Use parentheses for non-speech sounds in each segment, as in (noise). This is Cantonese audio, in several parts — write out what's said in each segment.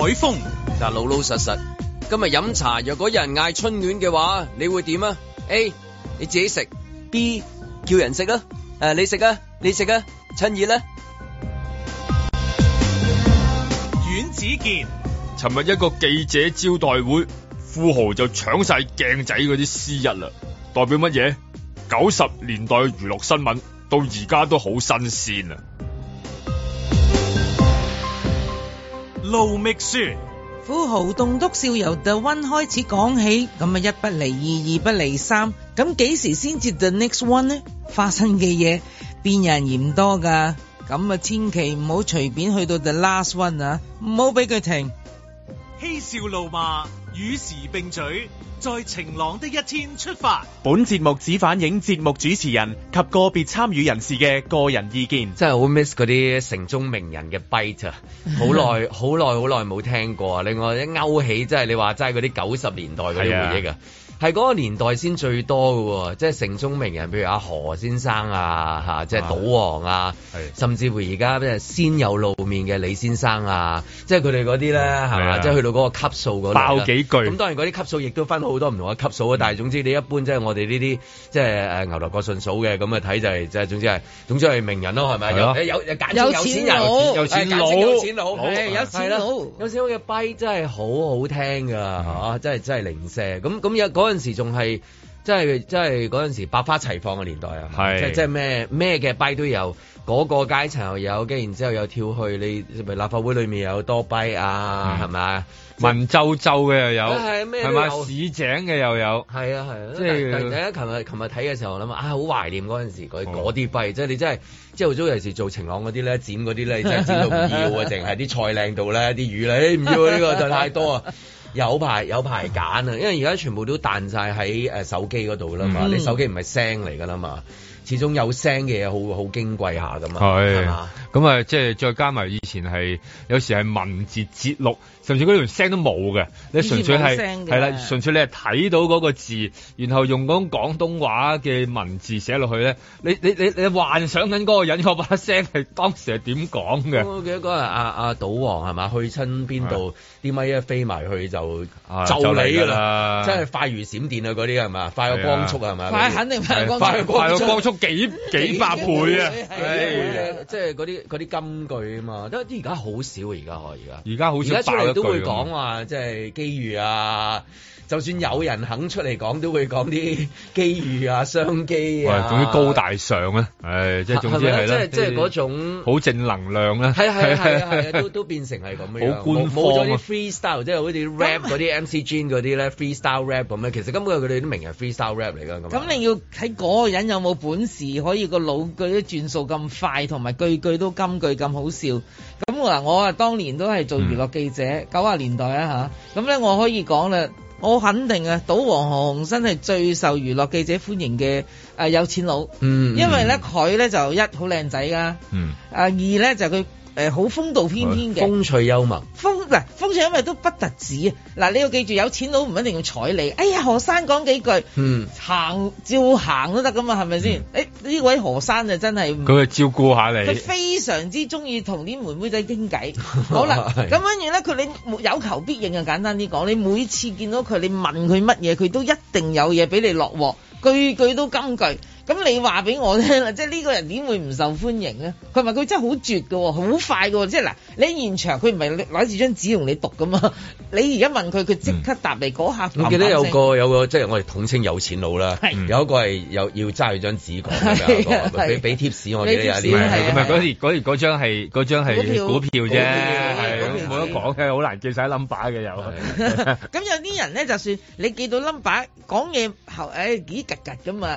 海風，但老老實實，今日飲茶，若果有人嗌「春暖」嘅話，你會點啊？A，你自己食。B，叫人食啦。誒，你食啊，你食啊，趁熱啦。阮子健，尋日一個記者招待會，富豪就搶晒鏡仔嗰啲 C 一啦，代表乜嘢？九十年代嘅娛樂新聞到而家都好新鮮啊。路覓書，富豪棟篤笑由 the one 開始講起，咁啊一不離二，二不離三，咁幾時先至 the next one 呢？發生嘅嘢，邊人嫌多㗎？咁啊千祈唔好隨便去到 the last one 啊，唔好俾佢停，嬉笑怒罵，與時並進。在晴朗的一天出發。本節目只反映節目主持人及個別參與人士嘅個人意見，真係好 miss 嗰啲城中名人嘅 bite 啊！好耐好耐好耐冇聽過啊！另外一勾起，真係你話齋係嗰啲九十年代嗰啲回憶啊！係嗰個年代先最多嘅喎，即係城中名人，譬如阿何先生啊，即係賭王啊，甚至乎而家先有露面嘅李先生啊，即係佢哋嗰啲咧，即係去到嗰個級數嗰度，爆幾句。咁當然嗰啲級數亦都分好多唔同嘅級數，但係總之你一般即係我哋呢啲即係牛頭角順嫂嘅咁嘅睇就係即係總之係總之係名人咯，係咪？有有有錢有錢人，錢有錢佬，係有錢有錢好嘅碑，真係好好聽㗎，真係真係零舍。咁咁有嗰陣時仲係，即係即係嗰陣時百花齊放嘅年代啊！即係咩咩嘅碑都有，嗰個階層又有嘅，然之後又跳去你，咪立法會裏面有多碑啊？係咪啊？文縐縐嘅又有，係咪市井嘅又有？係啊係啊！即係，突然間琴日琴日睇嘅時候，我諗啊，好懷念嗰陣時嗰嗰啲碑，即係你真係朝早有時做晴朗嗰啲呢，剪嗰啲呢，你真係剪到唔要啊！淨係啲菜靚度咧，啲魚咧，唔要呢個就太多啊！有排有排揀啊，因為而家全部都彈晒喺誒手機嗰度啦嘛，嗯、你手機唔係聲嚟噶啦嘛。始終有聲嘅嘢好好矜貴下噶嘛，係嘛？咁啊，即係再加埋以前係有時係文字節錄，甚至嗰條聲都冇嘅。你純粹係係啦，純粹你係睇到嗰個字，然後用嗰種廣東話嘅文字寫落去咧。你你你你幻想緊嗰個人嗰把聲係當時係點講嘅？我記得嗰日阿阿賭王係嘛去親邊度，啲咪一飛埋去就就你噶啦，真係快如閃電啊！嗰啲係嘛，快過光速啊，係咪？快肯定快過光速，快光速。幾幾百倍啊！即係嗰啲嗰啲金句啊嘛，都啲而家好少而家可而家而家好少爆一句，啊。而家都會講話、啊，即係機遇啊！就算有人肯出嚟講，都會講啲機遇啊、商機啊，總之高大上啊，誒，即係總之係啦。係即係即係嗰種好正能量啊。係係係係， (laughs) 都都變成係咁樣。好官方冇、啊、咗啲 freestyle，即係好似 rap 嗰啲 MC 仁嗰啲咧 (laughs) freestyle rap 咁。其實根本佢哋都明係 freestyle rap 嚟㗎。咁，咁你要睇嗰個人有冇本事，可以個腦嗰啲轉數咁快，同埋句句都金句咁好笑。咁嗱，我啊當年都係做娛樂記者，九十、嗯、年代啊吓，咁咧，我可以講啦。我肯定啊，賭王何鴻燊係最受娛樂記者歡迎嘅誒、呃，有錢佬，嗯、mm，hmm. 因為咧佢咧就一好靚仔嗯、啊，誒、mm hmm. 啊、二咧就佢。誒，好、呃、風度翩翩嘅風趣幽默，風，嗱，風趣幽默都不特止啊！嗱，你要記住，有錢佬唔一定要睬你。哎呀，何生講幾句，嗯、行照行都得㗎嘛，係咪先？誒呢、嗯欸，位何生就真係佢係照顧下你，佢非常之中意同啲妹妹仔傾偈。 (laughs) 好啦，咁跟住咧，佢你有求必應啊！就簡單啲講，你每次見到佢，你問佢乜嘢，佢都一定有嘢俾你落鑊，句句都金句。咁你話俾我聽，即係呢個人點會唔受歡迎咧？佢埋佢真係好絕喎，好快喎。即係嗱，你喺現場，佢唔係攞住張紙同你讀㗎嘛？你而家問佢，佢即刻答你嗰下。我記得有個有個即係我哋統稱有錢佬啦。有一個係有要揸住張紙講嘅，俾俾貼士。我哋啊！唔係唔係嗰咪嗰條嗰張係嗰張係股票啫，冇得講嘅，好難記晒 number 嘅又。咁有啲人咧，就算你記到 number，講嘢後幾夾夾嘅嘛？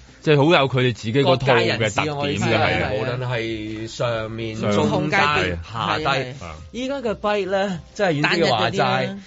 即係好有佢哋自己套推介人士嘅特點嘅係，無論係上面中間，下低，依家嘅 bike 咧，真係遠啲話齋。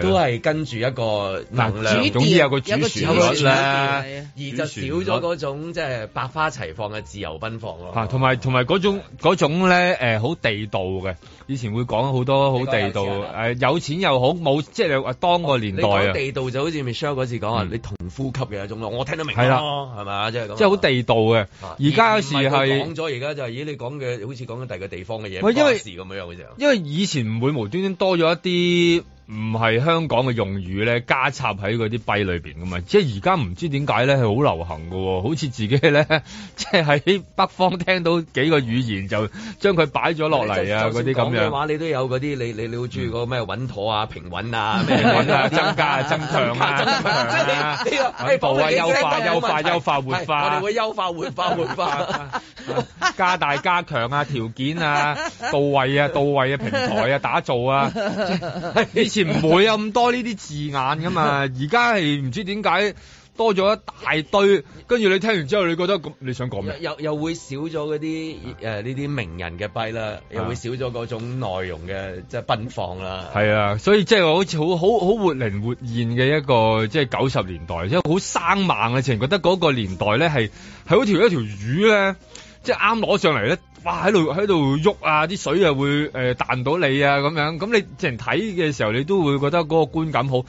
都係跟住一個能量，店總之有個主旋律咧，船而就少咗嗰種即係百花齊放嘅自由奔放咯，啊啊。同埋同埋嗰種嗰、嗯、種咧，誒，好地道嘅，以前會講好多好地道誒，哎，有錢又好，冇即係當個年代、哦、地道就好似 Michelle 嗰次講啊，嗯、你同呼吸嘅一種咯，我聽得明咯，啊，係嘛的，的就是、即係咁，即係好地道嘅。而家有時係講咗，而家就係、是、咦，你講嘅好似講緊第二個地方嘅嘢，唔關事咁樣樣因為以前唔會無端端多咗一啲。唔係香港嘅用語咧，加插喺嗰啲幣裏邊噶嘛？即係而家唔知點解咧，係好流行喎，好似自己咧，即係喺北方聽到幾個語言就將佢擺咗落嚟啊，嗰啲咁樣。講嘅話你都有嗰啲，你你你會中意個咩穩妥啊、平穩啊、咩啊、增加啊、增強啊、 (laughs) 增加啊、進步啊、優化、優化、優化、化、活化。我哋會優化、活化、活化，加大、加強啊，條件啊、啊，到位啊，到位啊，平台啊，打造啊。 (laughs) 以前唔會有咁多呢啲字眼噶嘛，而家係唔知點解多咗一大堆，跟住你聽完之後，你覺得咁你想講咩？又又會少咗嗰啲誒呢啲名人嘅碑啦，又會少咗嗰、啊呃、種內容嘅、啊、即係奔放啦。係啊，所以即係好似好好好活靈活現嘅一個即係九十年代，即係好生猛嘅情。覺得嗰個年代咧係係好似一條魚咧。即係啱攞上嚟咧，哇喺度喺度喐啊，啲水啊會誒彈、呃、到你啊咁樣，咁你成睇嘅時候你都會覺得嗰個觀感好。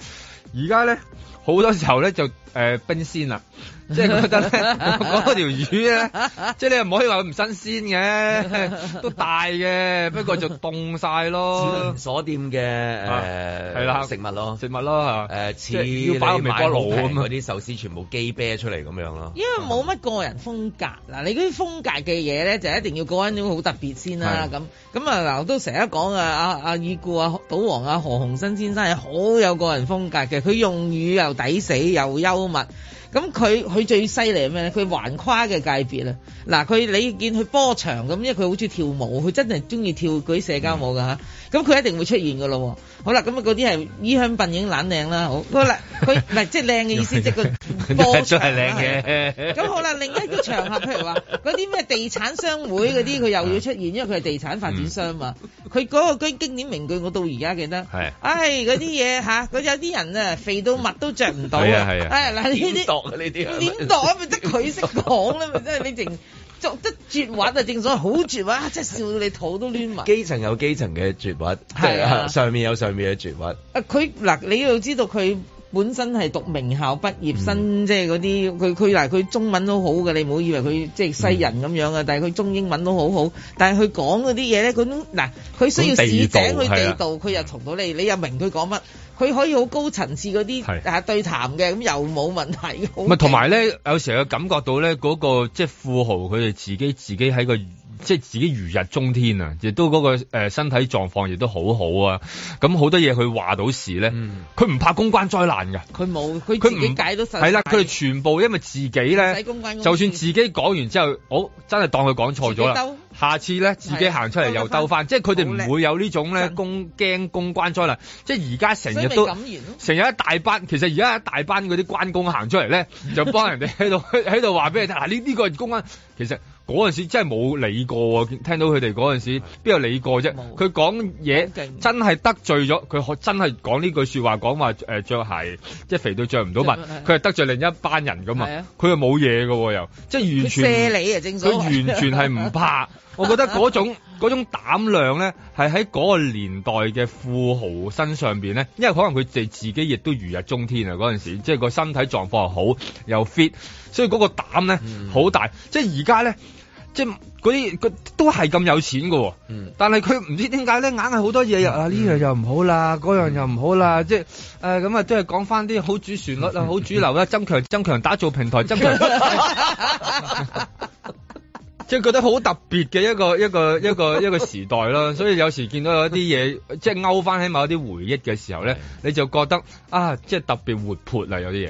而家咧好多時候咧就誒、呃、冰鮮啦。即係覺得咧，嗰條魚咧，即係你又唔可以話佢唔新鮮嘅，都大嘅，不過就凍晒咯。鎖店嘅誒係啦食物咯，食物咯嚇誒，似你買平嗰啲壽司，全部機啤出嚟咁樣咯。因為冇乜個人風格嗱，你嗰啲風格嘅嘢咧，就一定要個人好特別先啦。咁咁啊，嗱我都成日講啊，阿阿已故啊，賭王啊，何鴻燊先生係好有個人風格嘅，佢用語又抵死又幽默。咁佢佢最犀利係咩咧？佢橫跨嘅界別啦，嗱，佢你見佢波長咁，因為佢好中意跳舞，佢真係中意跳嗰啲社交舞噶吓。嗯咁佢一定會出現㗎咯喎，好啦，咁啊嗰啲係衣香鬢影冷靚啦，好，嗰啦佢唔係即係靚嘅意思，即係個波長係靚嘅。咁好啦，另一個場合，譬如話嗰啲咩地產商會嗰啲，佢又要出現，因為佢係地產發展商啊嘛。佢嗰個居經典名句，我到而家記得。係。唉，嗰啲嘢吓，嗰有啲人啊，肥到襪都著唔到啊。係啊唉嗱，呢啲，呢啲，呢啲。點讀咪得佢識講啦，咪即係你淨。做得絕滑啊！正所謂好絕滑，真係笑到你肚都攣埋。基層有基層嘅絕滑，係是啊，上面有上面嘅絕滑。啊，佢嗱，你要知道佢。本身係讀名校畢業，生、嗯，即係嗰啲佢佢嗱佢中文都好嘅，你唔好以為佢即係西人咁樣啊，嗯、但係佢中英文都好好，但係佢講嗰啲嘢咧，佢種嗱佢需要市井佢地道，佢又道的同到你，你又明佢講乜，佢可以好高層次嗰啲係對談嘅，咁的又冇問題。唔係同埋咧，有時候感覺到咧，嗰、那個即係富豪佢哋自己自己喺個。即係自己如日中天啊！亦都嗰個身體狀況亦都好好啊！咁好多嘢佢話到事咧，佢唔、嗯、怕公關災難㗎，佢冇佢佢唔解到神，係啦，佢哋全部因為自己咧，公關公就算自己講完之後，好、哦、真係當佢講錯咗啦，下次咧自己行出嚟又兜翻，兜即係佢哋唔會有種呢種咧公驚公關災難。即係而家成日都成日一大班，其實而家一大班嗰啲關公行出嚟咧，就幫人哋喺度喺度話俾你聽，嗱呢呢個、這個、公關，其實。嗰陣時真係冇理過喎，聽到佢哋嗰陣時邊有理過啫？佢講嘢真係得罪咗，佢真係講呢句話說話講話誒，着鞋即係肥到着唔到襪，佢係得罪另一班人咁啊！佢又冇嘢嘅又，即係完全啊！正所謂佢完全係唔怕。 (laughs) (laughs) 我覺得嗰種嗰種膽量咧，係喺嗰個年代嘅富豪身上邊咧，因為可能佢哋自己亦都如日中天啊！嗰陣時，即係個身體狀況好，又 fit，所以嗰個膽咧好大。嗯、即係而家咧，即係嗰啲佢都係咁有錢噶，嗯、但係佢唔知點解咧，硬係、嗯啊這個、好多嘢，啊呢樣又唔好啦，嗰樣又唔好啦。即係誒咁啊，都係講翻啲好主旋律啊，好主流啦，增強增強打造平台，增強。 (laughs) (laughs) 即係覺得好特別嘅一個一個一個一個時代囉。 (laughs) 所以有時見到一啲嘢，即係勾翻起某啲回憶嘅時候咧， (laughs) 你就覺得啊，即係特別活潑啦，有啲嘢。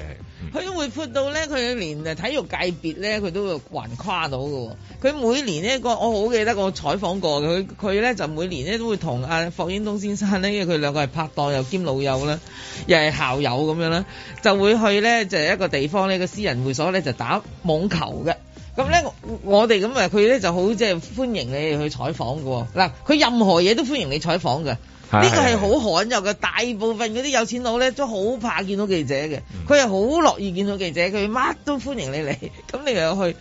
佢都活潑到咧，佢連誒體育界別咧，佢都會橫跨到喎。佢每年呢，我好記得我採訪過佢，佢咧就每年咧都會同阿霍英東先生咧，因為佢兩個係拍檔又兼老友啦，又係校友咁樣啦，就會去咧就係一個地方呢，一個私人會所咧就打網球嘅。咁咧，嗯、我哋咁啊，佢咧就好即係歡迎你去採訪嘅、哦。嗱，佢任何嘢都歡迎你採訪嘅。呢、啊、個係好罕有嘅。啊、大部分嗰啲有錢佬咧，都好怕見到記者嘅。佢係好樂意見到記者，佢乜都歡迎你嚟。咁你又去，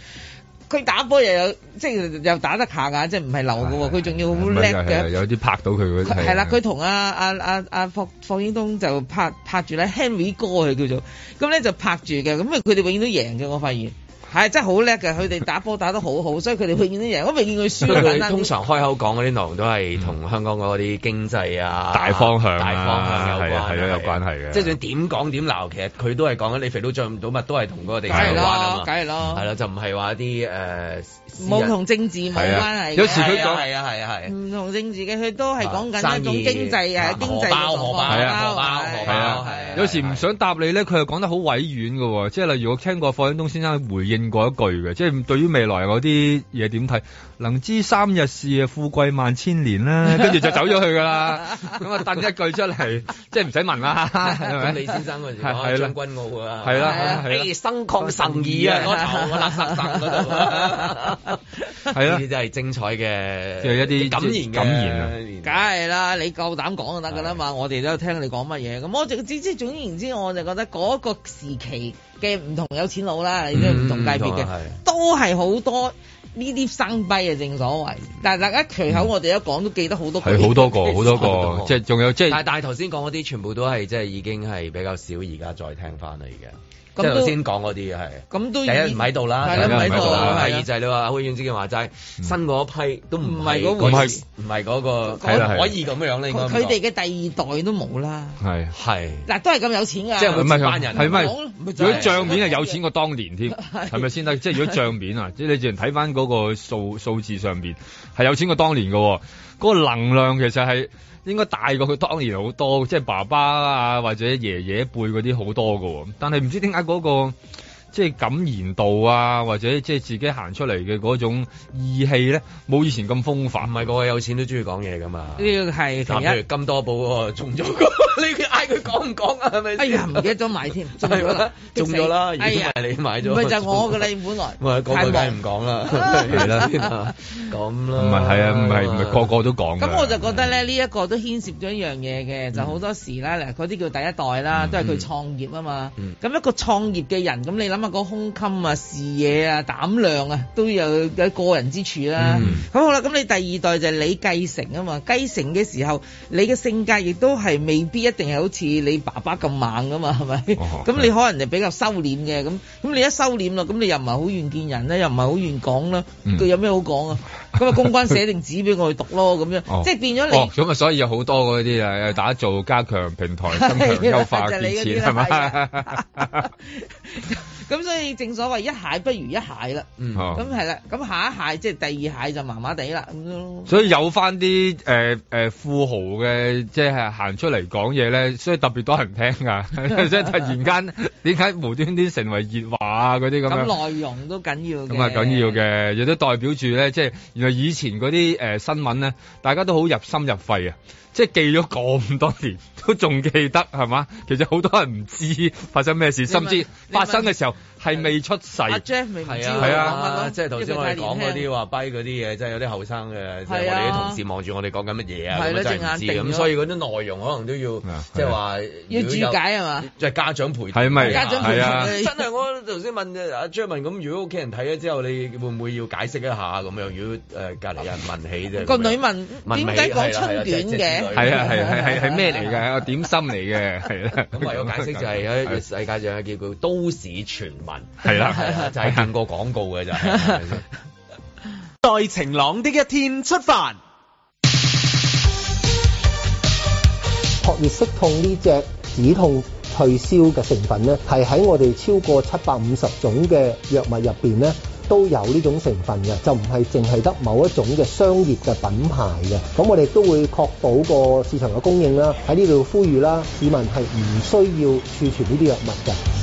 佢打波又有，即係又打得下噶，即係唔係流嘅。佢仲、啊、要好叻嘅。有啲拍到佢嗰啲。係啦、啊，佢同阿阿阿阿霍霍英東就拍拍住啦，Henry 哥佢叫做。咁咧就拍住嘅，咁啊佢哋永遠都贏嘅。我發現。係，真係好叻嘅，佢哋打波打得好好，所以佢哋永遠都贏，我未見佢輸。通常開口講嗰啲內容都係同香港嗰啲經濟啊，大方向、大方向有關係啊，有關係嘅。即係點講點鬧，其實佢都係講緊你肥都著唔到乜，都係同嗰個地方有關。梗係咯，梗係咯，係啦，就唔係話啲誒冇同政治冇關係。有時佢講係啊係啊係，唔同政治嘅，佢都係講緊一種經濟啊經濟啊。荷包啊，有時唔想答你咧，佢又講得好委婉嘅喎。即係例如我聽過霍英東先生回應過一句嘅，即係對於未來嗰啲嘢點睇？能知三日事啊，富貴萬千年啦，跟住就走咗去噶啦。咁啊，等一句出嚟，即係唔使問啦。咁李先生嗰陣時講將軍澳啊，係啦，哎，心曠神怡啊，我坐喺垃圾站嗰度。係啦，呢啲真係精彩嘅，即係一啲感言感言啊。梗係啦，你夠膽講就得噶啦嘛，我哋都聽你講乜嘢。咁我就之之總言之，我就覺得嗰個時期嘅唔同有錢佬啦，即係唔同界別嘅，都係好多。呢啲生啤啊，正所謂，但係大家其口我哋一講都記得好多，多個，好多個，好多個，即係仲有即係、就是、但係頭先講嗰啲全部都係，即、就、係、是、已經係比較少，而家再聽翻啦，已經。即係先講嗰啲係，咁都第一唔喺度啦，第二就係你話好似之前話齋，新嗰批都唔係嗰個唔係嗰個可以咁樣咧。佢哋嘅第二代都冇啦。係係。嗱都係咁有錢㗎，即係佢班人係咪？如果帳面係有錢過當年添，係咪先得？即係如果帳面啊，即係你自然睇返嗰個數數字上面，係有錢過當年㗎喎。嗰個能量其實係應該大過佢當年好多，即係爸爸啊或者爺爺輩嗰啲好多嘅。但係唔知點解嗰個即係感染度啊，或者即係自己行出嚟嘅嗰種義氣咧，冇以前咁風範，唔係個位有錢都中意講嘢㗎嘛？呢個係譬如金多寶嗰個中咗呢啲。佢講唔講啊？係咪？哎呀，唔記得咗買添，中咗啦！中咗啦！哎呀，你買咗，唔係就我嘅你本來，太忙唔講啦。咁啦，唔係係啊，唔係唔係個個都講。咁我就覺得咧，呢一個都牽涉咗一樣嘢嘅，就好多時啦。嗱，嗰啲叫第一代啦，都係佢創業啊嘛。咁一個創業嘅人，咁你諗下個胸襟啊、視野啊、膽量啊，都有有個人之處啦。咁好啦，咁你第二代就係你繼承啊嘛，繼承嘅時候，你嘅性格亦都係未必一定係好。似你爸爸咁猛噶嘛，係咪？咁、哦、你可能就比較收斂嘅，咁咁你一收斂啦，咁你又唔係好願見人咧，又唔係、嗯、好願講啦，佢有咩好講啊？咁啊， (laughs) 公關寫定紙俾我去讀咯，咁樣，哦、即係變咗你。咁啊、哦，所以好多嗰啲啊，打造、加強平台、優化建設，係咪 (laughs) ？咁所以正所謂一蟹不如一蟹啦。咁係啦，咁、嗯嗯、下一蟹即係第二蟹就麻麻地啦，咁樣、哦。所以有翻啲誒富豪嘅，即係行出嚟講嘢咧，所以特別多人聽㗎。即 (laughs) 係突然間，點解無端端成為熱話嗰啲咁。咁內容都緊要。咁啊，緊要嘅，亦都代表住咧，即係。以前嗰啲誒新聞咧，大家都好入心入肺啊！即係記咗咁多年，都仲記得係嘛？其實好多人唔知發生咩事，問甚至發生嘅時候。係，未出世，係啊，係啊，即係頭先我哋講嗰啲話跛嗰啲嘢，即係有啲後生嘅，即係我哋啲同事望住我哋講緊乜嘢啊？咁係所以嗰啲內容可能都要即係話要注解係嘛？即係家長陪同，家長陪同。真係我頭先問阿 Jack 問咁，如果屋企人睇咗之後，你會唔會要解釋一下咁樣？如果誒隔離有人問起啫，個女問點解講春卷嘅？係啊係係係咩嚟嘅？點心嚟嘅，係，咁唯有解釋就係喺世界上係叫佢都市傳聞。係啦，就係見過廣告嘅就係。在晴朗的一天出發。撲熱息痛呢隻止痛退燒嘅成分咧，係喺我哋超過七百五十種嘅藥物入邊咧，都有呢種成分嘅，就唔係淨係得某一種嘅商業嘅品牌嘅。咁我哋都會確保個市場嘅供應啦，喺呢度呼籲啦，市民係唔需要儲存呢啲藥物嘅。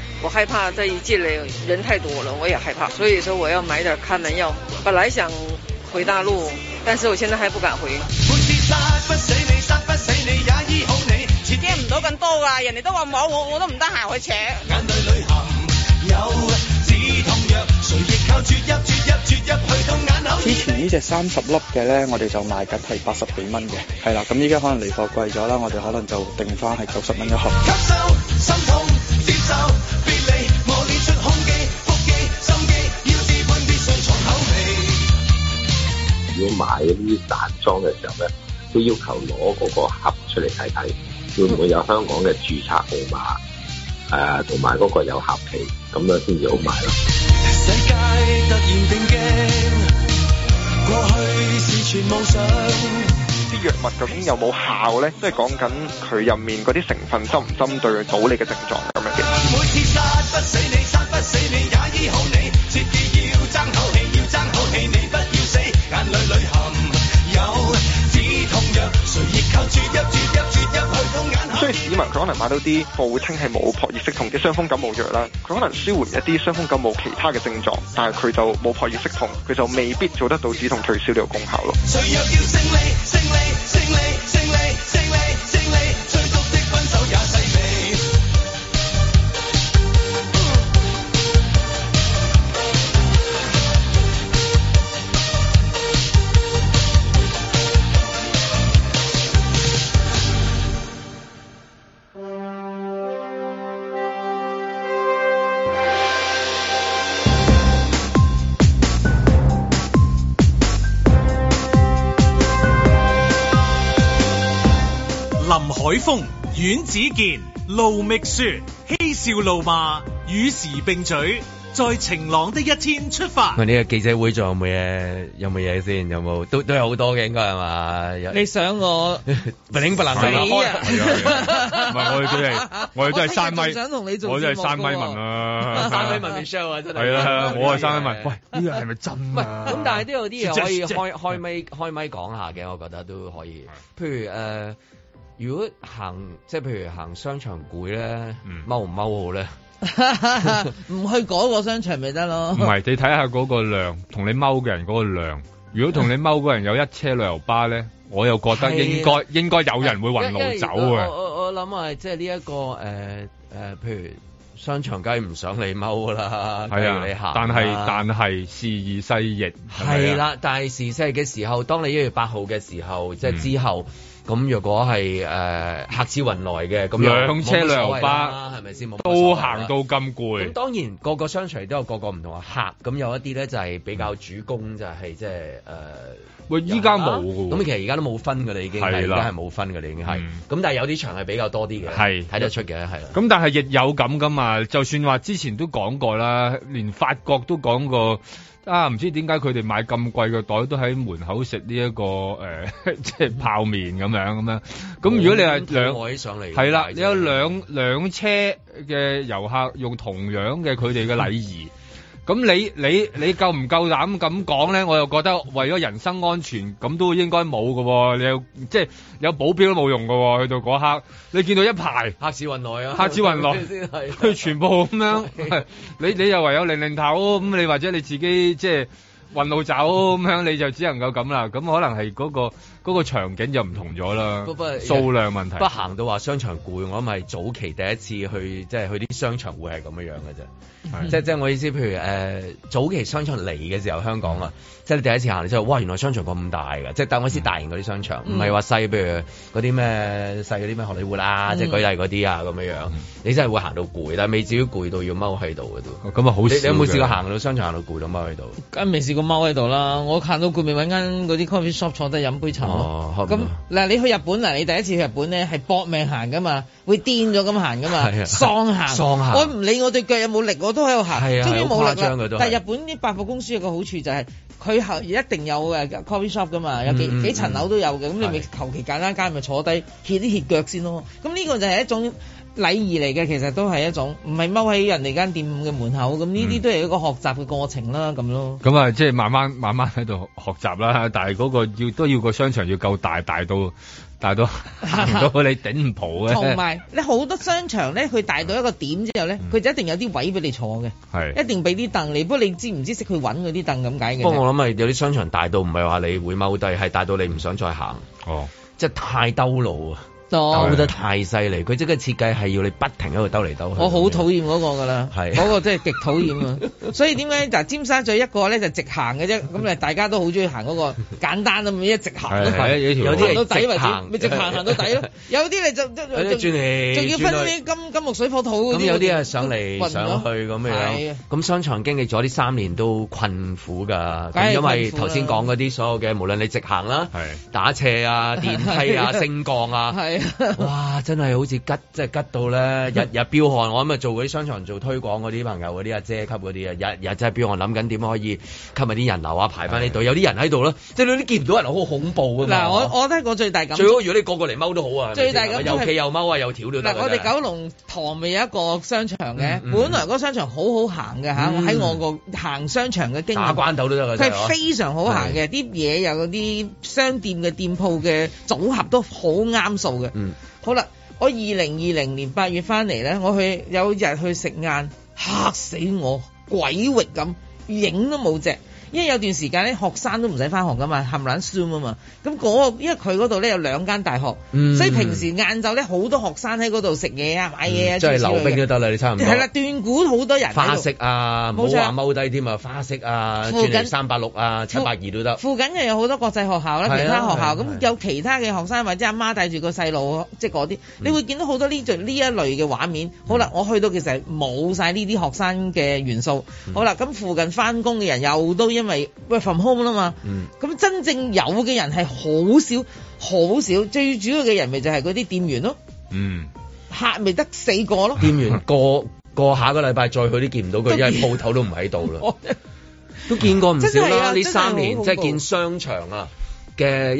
我害怕再一進嚟，人太多了，我也害怕，所以說我要買點看門藥。本來想回大陸，但是我現在還不敢回。之前這隻30粒的呢隻三十粒嘅咧，我哋就賣緊係八十幾蚊嘅。係啦，咁依家可能嚟貨貴咗啦，我哋可能就定翻係九十蚊一盒。吸收心痛接受要買嗰啲散裝嘅時候咧，都要求攞嗰個盒出嚟睇睇，會唔會有香港嘅註冊號碼？誒同埋嗰個有效期，咁樣先至好買咯。啲藥物究竟有冇效咧？即係講緊佢入面嗰啲成分針唔針對到你嘅症狀咁樣嘅。每次所以市民佢可能買到啲報稱係冇撲熱息痛嘅傷風感冒藥啦，佢可能舒緩一啲傷風感冒其他嘅症狀，但係佢就冇撲熱息痛，佢就未必做得到止痛退燒呢個功效咯。海風阮子健、盧覓雪嬉笑怒罵與時並嘴在晴朗的一天出發。喂，呢個記者會仲有冇嘢？有冇嘢先？有冇？都都有好多嘅，應該係嘛？你想我不不唔係，我哋真係我哋真係三米，想同你做，我真係三米文啊！三米文 show 啊！真係。係啦，我係三米文。喂，呢個係咪真啊？咁但係都有啲嘢可以開開咪開咪講下嘅，我覺得都可以。譬如誒。如果行即係譬如行商場攰咧，踎唔踎好咧？唔 (laughs) 去嗰個商場咪得咯？唔係，你睇下嗰個量，同你踎嘅人嗰個量。如果同你踎嗰人有一車旅遊巴咧，我又覺得應該、啊、應該有人會運路走嘅、啊。我我諗啊，即係呢一個誒誒、呃呃，譬如商場梗係唔想你踎啦，譬如你行、啊啊。但係但係時移世易，係啦，但係時勢嘅、啊、時、時候，當你一月八號嘅時候，即係之後。嗯咁若果係誒客似雲來嘅，咁兩車旅遊巴係咪先？都行到咁攰。咁當然個個商場都有個個唔同嘅客，咁有一啲咧就係比較主攻，就係即係誒。喂，依家冇嘅喎。咁其實而家都冇分㗎喇，已經係啦，係冇分㗎喇，已經係。咁但係有啲場係比較多啲嘅，係睇得出嘅，係啦。咁但係亦有噉㗎嘛？就算話之前都講過啦，連法國都講過。啊！唔知點解佢哋買咁貴嘅袋都喺門口食呢一個誒，即、呃、係、就是、泡麵咁樣咁樣。咁如果你係兩位上嚟，係啦、哦，你有兩兩,兩車嘅遊客用同樣嘅佢哋嘅禮儀。嗯咁你你你夠唔夠膽咁講咧？我又覺得為咗人身安全，咁都應該冇噶，你有即係有保鏢都冇用噶。去到嗰刻，你見到一排客似雲來啊，客似雲來，佢全部咁樣，你你又唯有擰擰頭咁，你或者你自己即係運路走咁樣，你就只能夠咁啦。咁可能係嗰個。嗰個場景就唔同咗啦，不過數量問題。不行到話商場攰，我諗係早期第一次去，即係去啲商場會係咁樣樣嘅啫。即即我意思，譬如誒、呃、早期商場嚟嘅時候，香港啊，的即係你第一次行，你之後哇，原來商場咁大嘅，即係但我先大型嗰啲商場，唔係話細，譬如嗰啲咩細嗰啲咩荷里活啦，嗯、即係舉例嗰啲啊咁樣樣，嗯、你真係會行到攰，但係未至於攰到要踎喺度嘅咁啊。好你，你有冇試過行到商場行到攰到踎喺度？梗係未試過踎喺度啦！我行到攰咪揾間嗰啲 coffee shop 坐低飲杯茶。 (music) 哦，咁嗱，你去日本嗱，你第一次去日本咧，係搏命行噶嘛，會癲咗咁行噶嘛，係啊，喪行，喪行，我唔理我對腳有冇力，我都喺度行，終於冇力啦。但係日本啲百貨公司有個好處就係、是，佢一定有誒 coffee shop 噶嘛，有幾幾層樓都有嘅，咁、嗯嗯、你咪求其簡單間咪坐低歇啲歇腳先咯。咁 (noise) 呢樂 (music) 個就係一種。禮儀嚟嘅，其實都係一種唔係踎喺人哋間店嘅門口，咁呢啲都係一個學習嘅過程啦，咁咯、嗯。咁啊，即係慢慢慢慢喺度學習啦。但係嗰個要都要個商場要夠大，大到大到行到你頂唔浦嘅。同埋你好多商場咧，佢大到一個點之後咧，佢、嗯、就一定有啲位俾你坐嘅，係是一定俾啲凳你。不過你知唔知識佢揾嗰啲凳咁解嘅？不過我諗係有啲商場大到唔係話你會踎低，係大到你唔想再行，哦，即係太兜路啊！兜得太犀利，佢即刻設計係要你不停喺度兜嚟兜去。我好討厭嗰個㗎啦，嗰個真係極討厭。所以點解就尖沙咀一個咧就直行嘅啫，咁誒大家都好中意行嗰個簡單啊，一直行咯，行到底為止，咪直行行到底咯。有啲你就即係轉嚟，仲要分啲金金木水火土。咁有啲啊，上嚟上去咁樣。咁商場經歷咗呢三年都困苦㗎。咁因為頭先講嗰啲所有嘅，無論你直行啦，打斜啊、電梯啊、升降啊。哇！真係好似吉，即係吉到咧日日飚汗。我諗啊做嗰啲商場做推廣嗰啲朋友嗰啲阿姐級嗰啲啊，日日真係飚汗，諗緊點可以吸引啲人流啊，排翻呢度。有啲人喺度啦，即係你都見唔到人，好恐怖噶嘛！嗱，我我覺得我最大感最好，如果你個個嚟踎都好啊！最大嘅有企有踎啊，有跳了。嗱，我哋九龍塘咪有一個商場嘅，本來嗰商場好好行嘅嚇，喺我個行商場嘅經驗，打關鬥都得嘅，係非常好行嘅，啲嘢有啲商店嘅店鋪嘅組合都好啱數嘅。嗯，好啦，我二零二零年八月返嚟咧，我去有日去食晏，嚇死我，鬼域咁，影都冇隻。因為有段時間咧，學生都唔使返學噶嘛，冚唥 Zoom 啊嘛。咁嗰個因為佢嗰度咧有兩間大學，所以平時晏晝咧好多學生喺嗰度食嘢啊、買嘢啊，即係溜冰都得啦，你差唔多。係啦，斷估好多人花式啊，冇話踎低添啊，花式啊。附近三百六啊、七百二都得。附近又有好多國際學校啦，其他學校咁有其他嘅學生或者阿媽帶住個細路，即係嗰啲，你會見到好多呢種呢一類嘅畫面。好啦，我去到其實冇晒呢啲學生嘅元素。好啦，咁附近返工嘅人又都因為喂 from home 啦嘛，嗯、咁真正有嘅人係好少，好少，最主要嘅人咪就係嗰啲店員咯，嗯、客咪得四個咯，店員過過 (laughs) 下個禮拜再去都見唔到佢，都見 因為鋪頭都唔喺度啦，都見過唔少啦，呢、啊、三年即係見商場啊。嘅一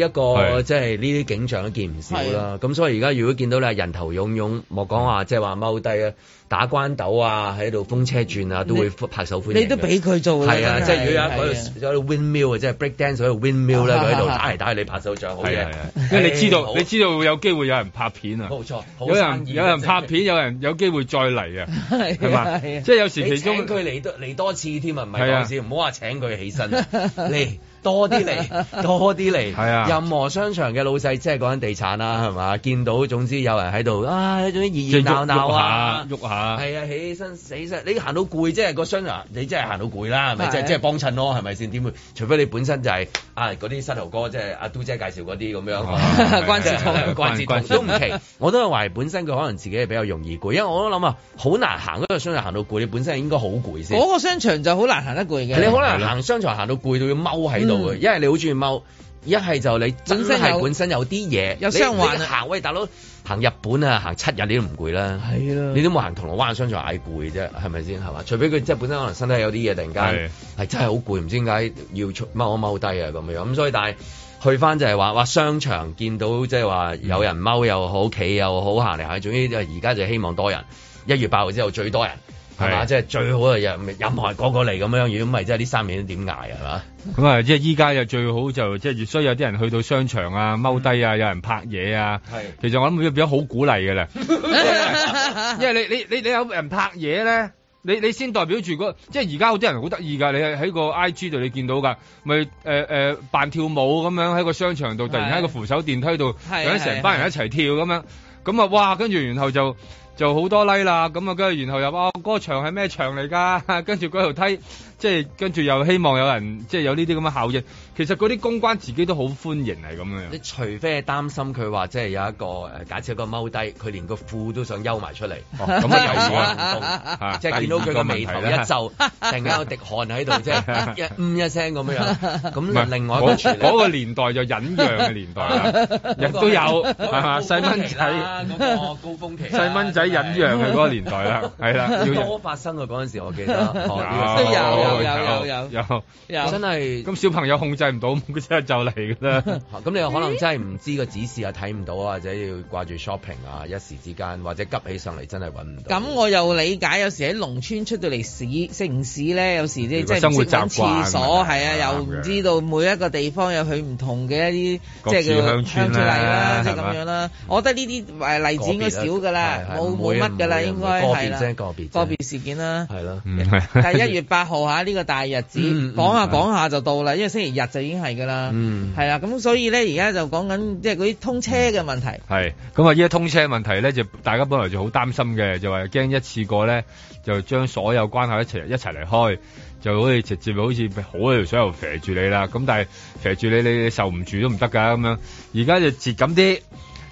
個即係呢啲景象都見唔少啦，咁所以而家如果見到你人頭湧湧莫講話即係話踎低啊，打關鬥啊，喺度風車轉啊，都會拍手歡迎。你都俾佢做係啊！即係如果喺嗰度度 windmill 即係 breakdance 度 windmill 咧，喺度打嚟打去你拍手掌好嘢，因為你知道你知道會有機會有人拍片啊，冇錯，有人有人拍片，有人有機會再嚟啊，係嘛？即係有時其中佢嚟多嚟多次添啊，唔係小事，唔好話請佢起身多啲嚟，多啲嚟，係啊！任何商場嘅老細，即係講緊地產啦，係嘛？見到總之有人喺度啊，一啲熱熱鬧鬧啊，喐下，係啊，起身死起你行到攰，即係個商場，你真係行到攰啦，係咪？即即係幫襯咯，係咪先？點會？除非你本身就係啊嗰啲膝頭哥，即係阿都姐介紹嗰啲咁樣，關節痛，關節痛都唔奇。我都係懷疑本身佢可能自己係比較容易攰，因為我都諗啊，好難行嗰個商場行到攰，你本身應該好攰先。嗰個商場就好難行得攰嘅。你可能行商場行到攰到要踎喺。因為、嗯、你好中意踎，一係就你真係本身有啲嘢，有傷患、啊、有行喂，大佬行日本啊，行七日你都唔攰啦，係啊，你都冇行銅鑼灣商場嗌攰啫，係咪先？係嘛？除非佢即係本身可能身體有啲嘢，突然間係是的 真係好攰，唔知點解要踎一踎低啊咁樣。咁所以但係去翻就係話話商場見到即係話有人踎又好，企又好，行嚟行去，總之而家就希望多人，一月八號之後最多人。係嘛，即係最好係任任何個個嚟咁樣，如果唔係，真係呢三年都點捱啊？係嘛，咁啊，即係依家就最好就即係，越衰有啲人去到商場啊、踎低啊、有人拍嘢啊。係是，其實我諗佢變咗好鼓勵嘅啦，因為你你你你有人拍嘢咧，你你先代表住、嗰個，即係而家好啲人好得意㗎，你喺個 I G 度你見到㗎，咪誒誒扮跳舞咁樣喺個商場度，突然間喺個扶手電梯度，是有成班人一齊跳咁樣，咁啊是哇！跟住然後就。就好多 like 啦，咁啊跟住，然後又話嗰、哦那個嗰個牆係咩牆嚟㗎？跟住嗰條梯，即係跟住又希望有人即係有呢啲咁嘅效應。其實嗰啲公關自己都好歡迎係咁嘅。你除非擔心佢話即係有一個誒，假設一個踎低，佢連個褲都想休埋出嚟，咁啊、哦、有啊，即係見到佢個眉頭一皺 (laughs) 突然間有滴汗喺度即一唔一聲咁樣樣。咁 (laughs) 另外一嗰個，個年代就隱藏嘅年代啦，亦 (laughs) 都有係嘛？細蚊仔嗰高峰期， (laughs) 啊、細蚊仔。隱藏嘅嗰個年代啦，係啦，多發生嘅嗰時，我記得有有有有有有真係咁小朋友控制唔到，真係就嚟㗎啦。咁你又可能真係唔知個指示啊，睇唔到啊，或者要掛住 shopping 啊，一時之間或者急起上嚟，真係揾唔到。咁我又理解，有時喺農村出到嚟市城市咧，有時即係生活習慣係啊，又唔知道每一個地方有佢唔同嘅一啲即係叫鄉村出嚟啦，即係咁樣啦。我覺得呢啲例子應該少㗎啦，冇乜噶啦，應該係啦，個別事件啦，係咯，但係一月八號下呢個大日子，講下講下就到啦，因為星期日就已經係噶啦，係啦，咁所以咧而家就講緊即係嗰啲通車嘅問題。係咁啊！依家通車問題咧，就大家本來就好擔心嘅，就話驚一次過咧就將所有關口一齊一齊嚟開，就可以直接好似好一條水喉肥住你啦。咁但係肥住你，你受唔住都唔得噶咁樣。而家就節緊啲，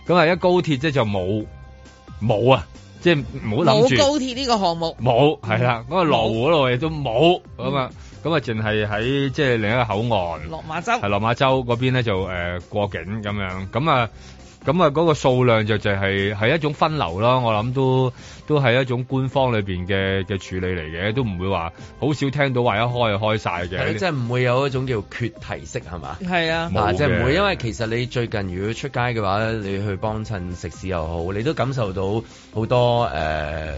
咁啊，一高鐵即就冇。冇啊，即係冇諗住，冇高鐵呢個項目。冇，係啦，咁啊，嗰個羅湖嗰度亦都冇，咁啊，咁啊，淨係喺即係另一個口岸，落馬洲。係落馬洲嗰邊咧就，誒、呃、過境咁樣，咁啊。咁啊，嗰個數量就就係係一種分流啦，我諗都都係一種官方裏面嘅嘅處理嚟嘅，都唔會話好少聽到話一開就開曬嘅，即係唔會有一種叫缺堤式係嘛？係是啊，啊，嗱，有即係唔會，因為其實你最近如果出街嘅話，你去幫襯食肆又好，你都感受到好多誒，呃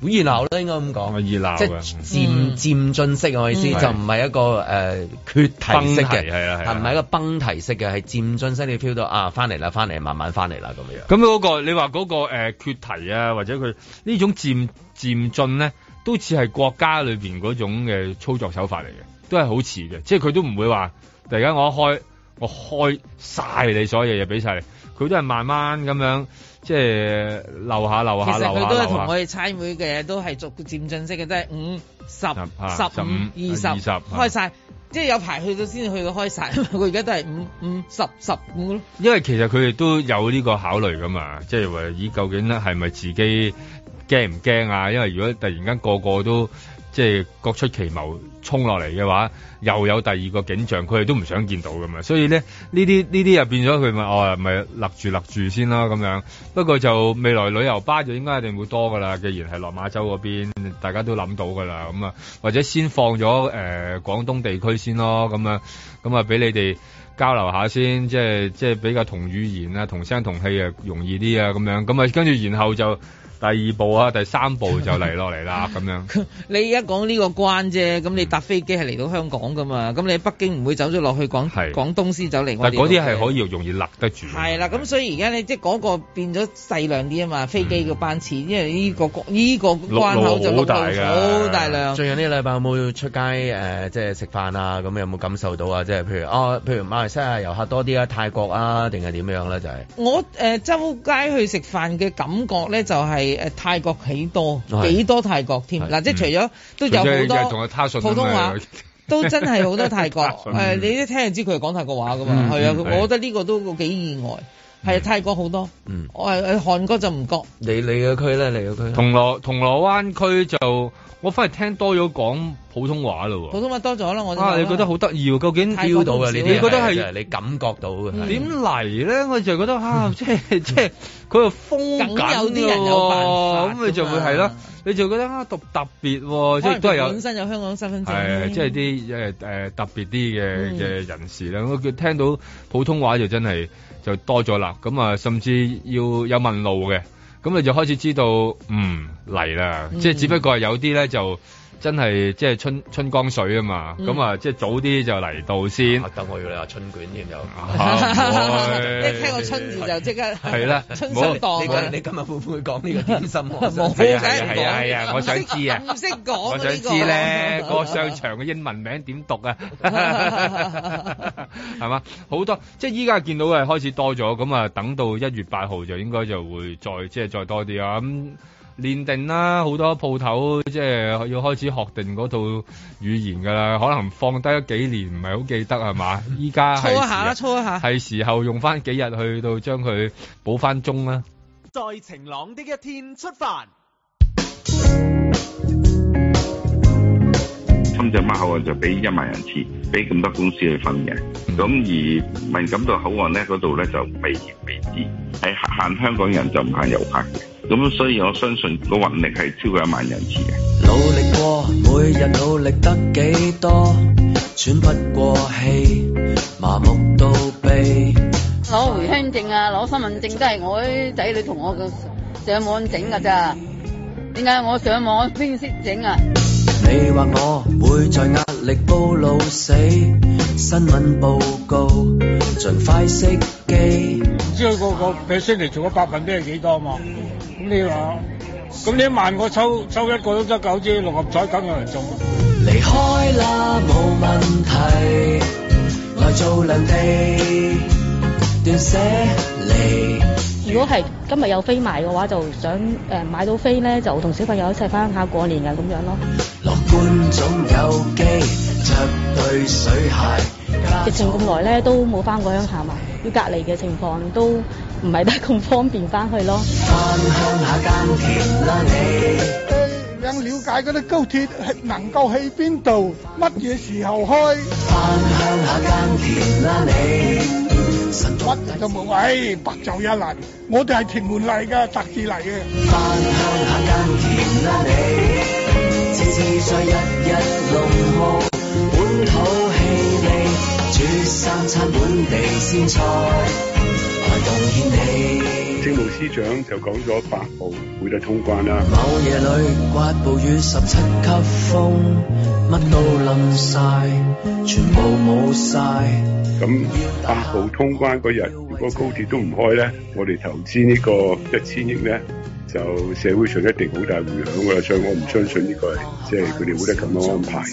熱鬧咯，應該咁講，即係漸、嗯、漸進式，我意思、嗯、就唔係一個誒缺題式嘅，係啊，係唔係一個崩題式嘅？係漸進式你 feel 到啊，翻嚟啦，翻嚟，慢慢翻嚟啦咁樣。咁嗰、嗰個你話嗰、嗰個、呃、缺決題啊，或者佢呢種漸漸進咧，都似係國家裏邊嗰種嘅操作手法嚟嘅，都係好似嘅，即係佢都唔會話突然間我一開，我開我開晒你所有嘢，嘢俾曬你，佢都係慢慢咁樣。即係漏下漏下，其實佢都係同我哋差會嘅，都係逐漸進式嘅，即係五十十五二十開晒，啊、即係有排去到先至去到開晒。佢而家都係五五十十五咯。因為其實佢哋都有呢個考慮噶嘛，即係話咦，究竟咧係咪自己驚唔驚啊？因為如果突然間個個都即係各出奇謀衝落嚟嘅話，又有第二個景象，佢哋都唔想見到㗎嘛。所以咧，呢啲呢啲又變咗佢咪哦，咪立住立住先啦咁樣。不過就未來旅遊巴就應該一定會多噶啦，既然係落馬洲嗰邊，大家都諗到噶啦咁啊。或者先放咗誒、呃、廣東地區先咯，咁樣咁啊，俾你哋交流下先，即係即係比較同語言啊、同聲同氣啊，容易啲啊咁樣。咁啊，跟住然後就。第二步啊，第三步就嚟落嚟啦，咁樣。 (laughs) 你而家講呢個關啫，咁你搭飛機係嚟到香港噶嘛？咁、嗯、你北京唔會走咗落去廣是廣東先走嚟。但嗰啲係可以容易立得住。係啦的，咁的所以而家你即係嗰個變咗細量啲啊嘛，飛機個班次，嗯、因為呢、這個關呢、這個關口就好大㗎。好的大量。最近呢個禮拜有冇出街、呃、即係食飯啊？咁有冇感受到啊？即係譬如啊，譬如馬來西亞遊客多啲啊，泰國啊，定係點樣咧？就係、是、我誒、呃、周街去食飯嘅感覺咧，就係、是。誒，泰國幾多幾多泰國添嗱，即係、嗯、除咗都有好多普通，他他普通話，都真係好多泰國。誒， (laughs) 你一聽就知佢係講泰國話噶嘛？係、嗯、啊，的我覺得呢個都幾意外。係泰國好多，嗯，我係係韓國就唔覺。你你嘅區咧，你嘅區銅鑼銅鑼灣區就我反而聽多咗講普通話咯。普通話多咗啦，我啊你覺得好得意？究竟標到嘅你覺得係你感覺到嘅？點嚟咧？我就覺得啊，即係即係嗰個風格有啲人有辦法咁，你就會係咯，你就覺得啊讀特別，即係都係有本身有香港身份證，係即係啲誒誒特別啲嘅嘅人士咧。我佢聽到普通話就真係。就多咗啦，咁啊，甚至要有問路嘅，咁你就開始知道，嗯，嚟啦，嗯、即係只不過係有啲咧就。真係即係春，春江水啊嘛，咁啊即係早啲就嚟到先。等我要你話春捲添又，你聽個春字就即刻。係啦，春你今日會唔會講呢個天心王？啊，使，啊，我想知啊，唔識講。我想知咧，個商場嘅英文名點讀啊？係嘛，好多即係依家見到嘅，開始多咗。咁啊，等到一月八號就應該就會再即係再多啲啊咁。練定啦，好多鋪頭即係要開始學定嗰套語言噶啦，可能放低咗幾年，唔係好記得係嘛？依家初一下啦，初一下係時候用翻幾日去到將佢補翻鐘啦。在晴朗的一天出發。深圳灣口岸就俾一萬人次，俾咁多公司去分嘅。咁、嗯、而敏感到口岸咧，嗰度咧就未然未知，係限香港人就唔限遊客。咁所以我相信個運力係超過一萬人次嘅。努力過，每日努力得幾多？喘不過氣，麻木到痹。攞回鄉證啊，攞身份證都係我啲仔女同我個上網整㗎咋？點解我上網邊識整啊？你話我會在壓力暴露死，新聞報告盡快熄機。唔知佢個個每星期做咗百分比係幾多嘛？咁你話，咁你一萬個抽，抽一個都得九支六合彩，梗有人中啦。離開啦，冇問題，來做兩地，斷捨離。如果係今日有飛賣嘅話，就想誒買到飛咧，就同小朋友一齊翻鄉下過年嘅咁樣咯。樂觀總有機，著對水鞋。疫情咁耐咧，都冇翻過鄉下嘛？隔離嘅情況都唔係得咁方便翻去咯。翻鄉下耕田啦你。想了解嗰啲高鐵係能夠去邊度，乜嘢時候開？翻鄉下耕田啦你。乜人都冇喂，白就一嚟，我哋係屯門嚟㗎，特置嚟嘅。翻鄉下耕田啦你，次次在日日農忙，本土。三餐本地先菜，政務司長就講咗八號會得通關啦。某夜裏颳暴雨，十七級風，乜都冧晒，全部冇晒。咁八號通關嗰日，如果高鐵都唔開咧，我哋投資呢個一千億咧，就社會上一定好大影響噶啦。所以我唔相信呢個係即係佢哋會得咁樣安排。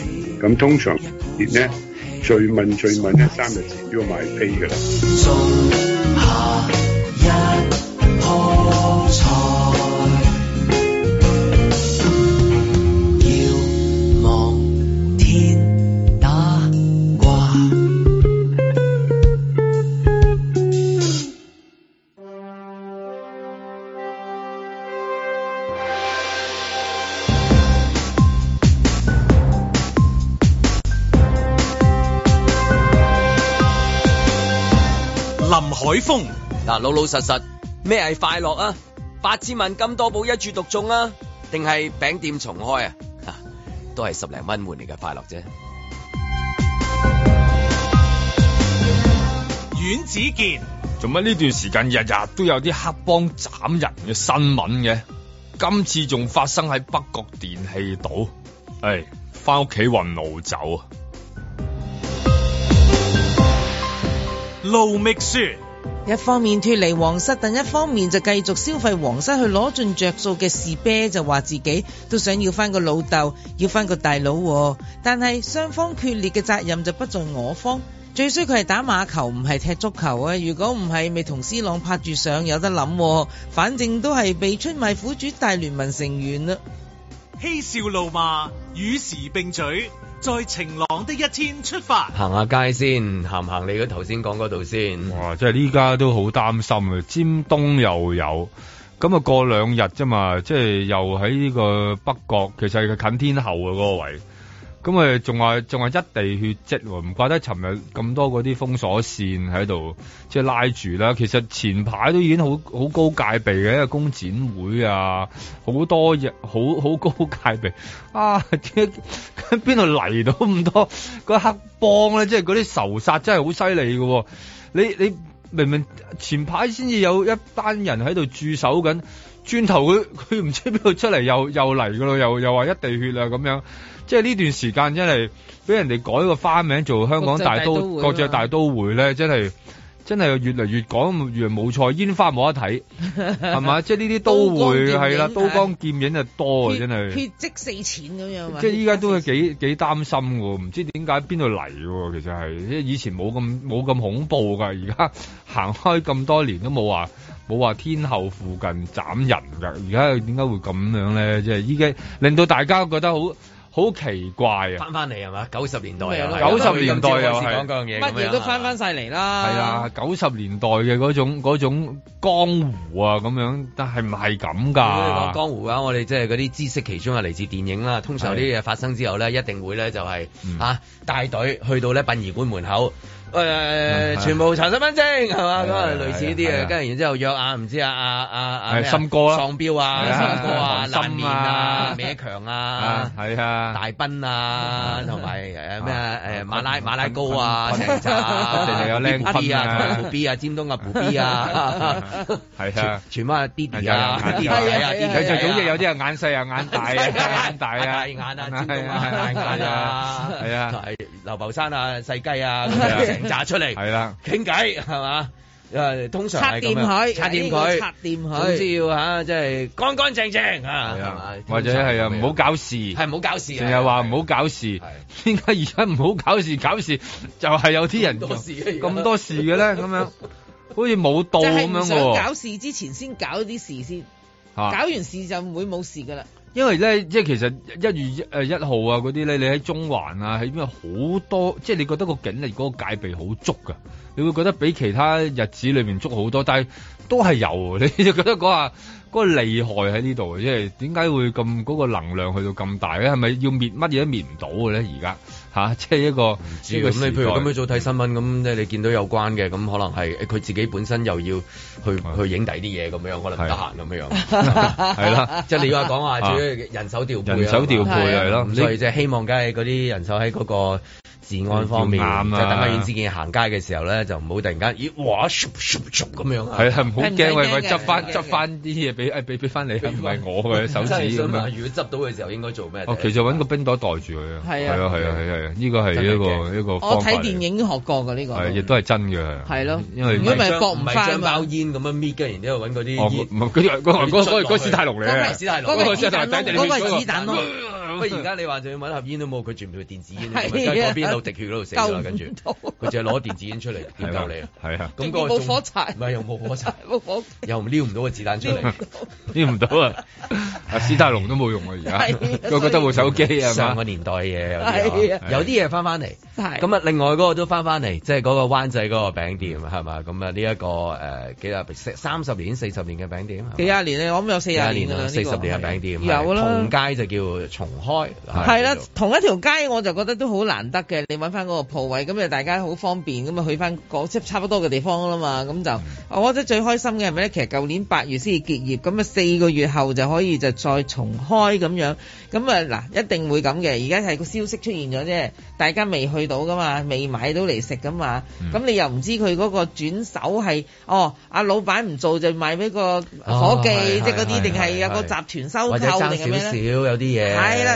咁通常而呢。最問最問咧，三日前都要買飛噶啦。風嗱老老實實咩係快樂啊？八千萬金多寶一注獨中啊？定係餅店重開啊？都係十零蚊換嚟嘅快樂啫。阮子健，做乜呢段時間日日都有啲黑幫斬人嘅新聞嘅？今次仲發生喺北角電器島唉，翻屋企搵路走啊！盧覓雪。一方面脫離皇室，但一方面就繼續消費皇室，去攞盡着數嘅士啤，就話自己都想要翻個老豆，要翻個大佬。但係雙方決裂嘅責任就不在我方，最衰佢係打馬球唔係踢足球啊！如果唔係，咪同 C 朗拍住上有得諗。反正都係被出賣苦主大聯盟成員啊。嬉笑怒罵，與時並舉。在晴朗的一天出發，行下街先，行唔行你個頭先講嗰度先。哇！即係依家都好擔心啊，尖東又有，咁啊過兩日啫嘛，即係又喺呢個北角，其實係近天后嘅嗰個位。咁咪仲話仲話一地血跡喎，唔怪得尋日咁多嗰啲封鎖線喺度，即係拉住啦。其實前排都已經好好高戒備嘅，因為工展會啊，好多嘢好好高戒備。啊，點解邊度嚟到咁多個黑幫咧？即係嗰啲仇殺真係好犀利嘅。你你明明前排先至有一班人喺度駐守緊，轉頭佢佢唔知邊度出嚟又又嚟噶喇，又又話一地血啊咁樣。即係呢段時間真係俾人哋改個花名做香港大都，各著大都會咧，真係真係越嚟越講越冇錯，煙花冇得睇係嘛？即係呢啲都會係啦，刀光劍影就多啊！真係即四錢咁樣。即係依家都幾幾擔心喎，唔知點解邊度嚟喎？其實係，即為以前冇咁冇咁恐怖㗎。而家行開咁多年都冇話冇話天后附近斬人㗎。而家點解會咁樣咧？的即係依家令到大家覺得好。好奇怪啊！翻翻嚟係嘛？九十年代，九十的年代啊，係乜嘢都翻翻晒嚟啦！係啊，九十年代嘅嗰種嗰種江湖啊咁樣，但係唔係咁㗎。江湖啊，我哋即係嗰啲知識其中係嚟自電影啦、啊。通常啲嘢發生之後咧，的一定會咧就係、啊、帶隊去到咧殯儀館門口，全部查身份證係嘛，都係類似呢啲嘅，跟住然之後約啊唔知啊啊啊新哥啊喪標啊，新哥啊難面啊，咩強啊，係啊大奔啊，同埋誒咩馬拉馬拉糕啊，成紮有靚 B 啊，B 啊，尖東啊，B 啊，係啊，全部係啊，B 係啊，B 啊，佢就總之有啲啊眼細啊眼大眼大啊眼啊尖東啊眼大啊，係啊，係流浮山啊細雞啊咁樣。渣出嚟，係啦，傾偈，係嘛，因為通常係咁樣，擦掂佢，擦掂佢，擦掂佢，好似要嚇，即係乾乾淨淨啊，或者係啊，唔好搞事，係唔好搞事，成日話唔好搞事，點解而家唔好搞事？搞事就係有啲人多事咁多事嘅咧，咁樣好似冇到咁樣喎。搞事之前先搞啲事先，搞完事就唔會冇事噶啦。因為咧，即係其實一月一誒一號啊嗰啲咧，你喺中環啊，喺邊好多，即係你覺得個警力、嗰、嗰個戒備好足噶，你會覺得比其他日子裏面足好多，但係都係有，你就覺得嗰、那、下個厲、那個、害喺呢度，即係點解會咁嗰、嗰個能量去到咁大咧？係咪要滅乜嘢都滅唔到嘅咧？而家？吓，即係、啊就是、一個不不，咁你譬如今朝早睇新聞咁，即係你見到有關嘅咁，那可能係佢自己本身又要去去影第啲嘢咁樣，可能得閒咁樣樣，係啦，即係你話講話，主要人手調配，人手調配係咯，咁所以即係、就是、希望，梗係嗰啲人手喺嗰、那個。治安方面，就等下袁志健行街嘅時候咧，就唔好突然間，咦，哇，咁樣。係係唔好驚，喂我執翻執翻啲嘢俾俾俾翻你，唔係我嘅手指咁如果執到嘅時候應該做咩？其實揾個冰袋袋住佢啊！係啊係啊係啊！呢個係一個一個。我睇電影學過嘅呢個。係亦都係真嘅。係咯，因為唔咪擱唔翻嘛。包煙咁樣搣嘅，然之後揾嗰啲。哦，唔係嗰個嗰個嗰個史泰龍嚟嘅。嗰個史泰龍，嗰個子彈，嗰個子彈。咁而家你話就要揾盒煙都冇，佢全部電子煙，跟住嗰邊度滴血嗰度死咗。跟住佢就攞電子煙出嚟點救你？係啊，咁個火柴，唔係用冇火柴，冇火又撩唔到個子彈出嚟，撩唔到啊！阿史泰龍都冇用啊，而家我覺得部手機啊，上個年代嘢，有啲嘢翻翻嚟，咁啊，另外嗰個都翻翻嚟，即係嗰個灣仔嗰個餅店係嘛？咁啊呢一個誒幾廿年、三十年、四十年嘅餅店，幾廿年啊？我諗有四廿年四十年嘅餅店有啦，同街就叫開係啦，同一條街我就覺得都好難得嘅。你搵翻嗰個鋪位，咁就大家好方便，咁啊去翻嗰即差不多嘅地方啦嘛。咁就、嗯、我覺得最開心嘅係咪咧？其實舊年八月先至結業，咁啊四個月後就可以就再重開咁樣。咁啊嗱，一定會咁嘅。而家係個消息出現咗啫，大家未去到噶嘛，未買到嚟食噶嘛。咁、嗯、你又唔知佢嗰個轉手係哦，阿老闆唔做就賣俾個夥計，哦、即嗰啲定係有個集團收購定係咩咧？少少有啲嘢係啦。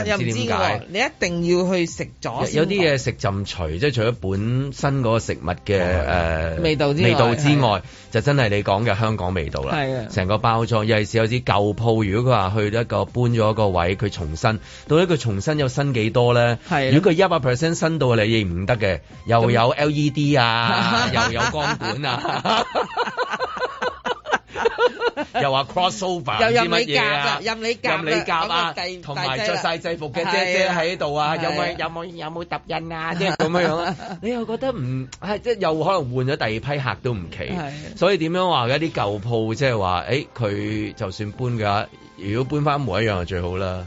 知，、啊知欸、你一定要去食咗，有啲嘢食浸除，即係除咗本身嗰個食物嘅味道之味道之外，就真係你講嘅香港味道啦。啊的，成個包裝尤其是有陣時有啲舊鋪。如果佢話去一個搬咗個位，佢重新，到底佢重新有新幾多咧？的如果佢一百 percent 新到嚟，你認唔得嘅，又有 LED 啊，嗯、又有光管啊。 (laughs) 又話 crossover，又任你夾，任你夾，同埋着晒制服嘅姐姐喺度啊！有冇有冇有冇揼印啊？即係咁樣啊！你又覺得唔，即係又可能換咗第二批客都唔奇，所以點樣話？一啲舊鋪即係話，誒佢就算搬㗎，如果搬翻冇一樣就最好啦，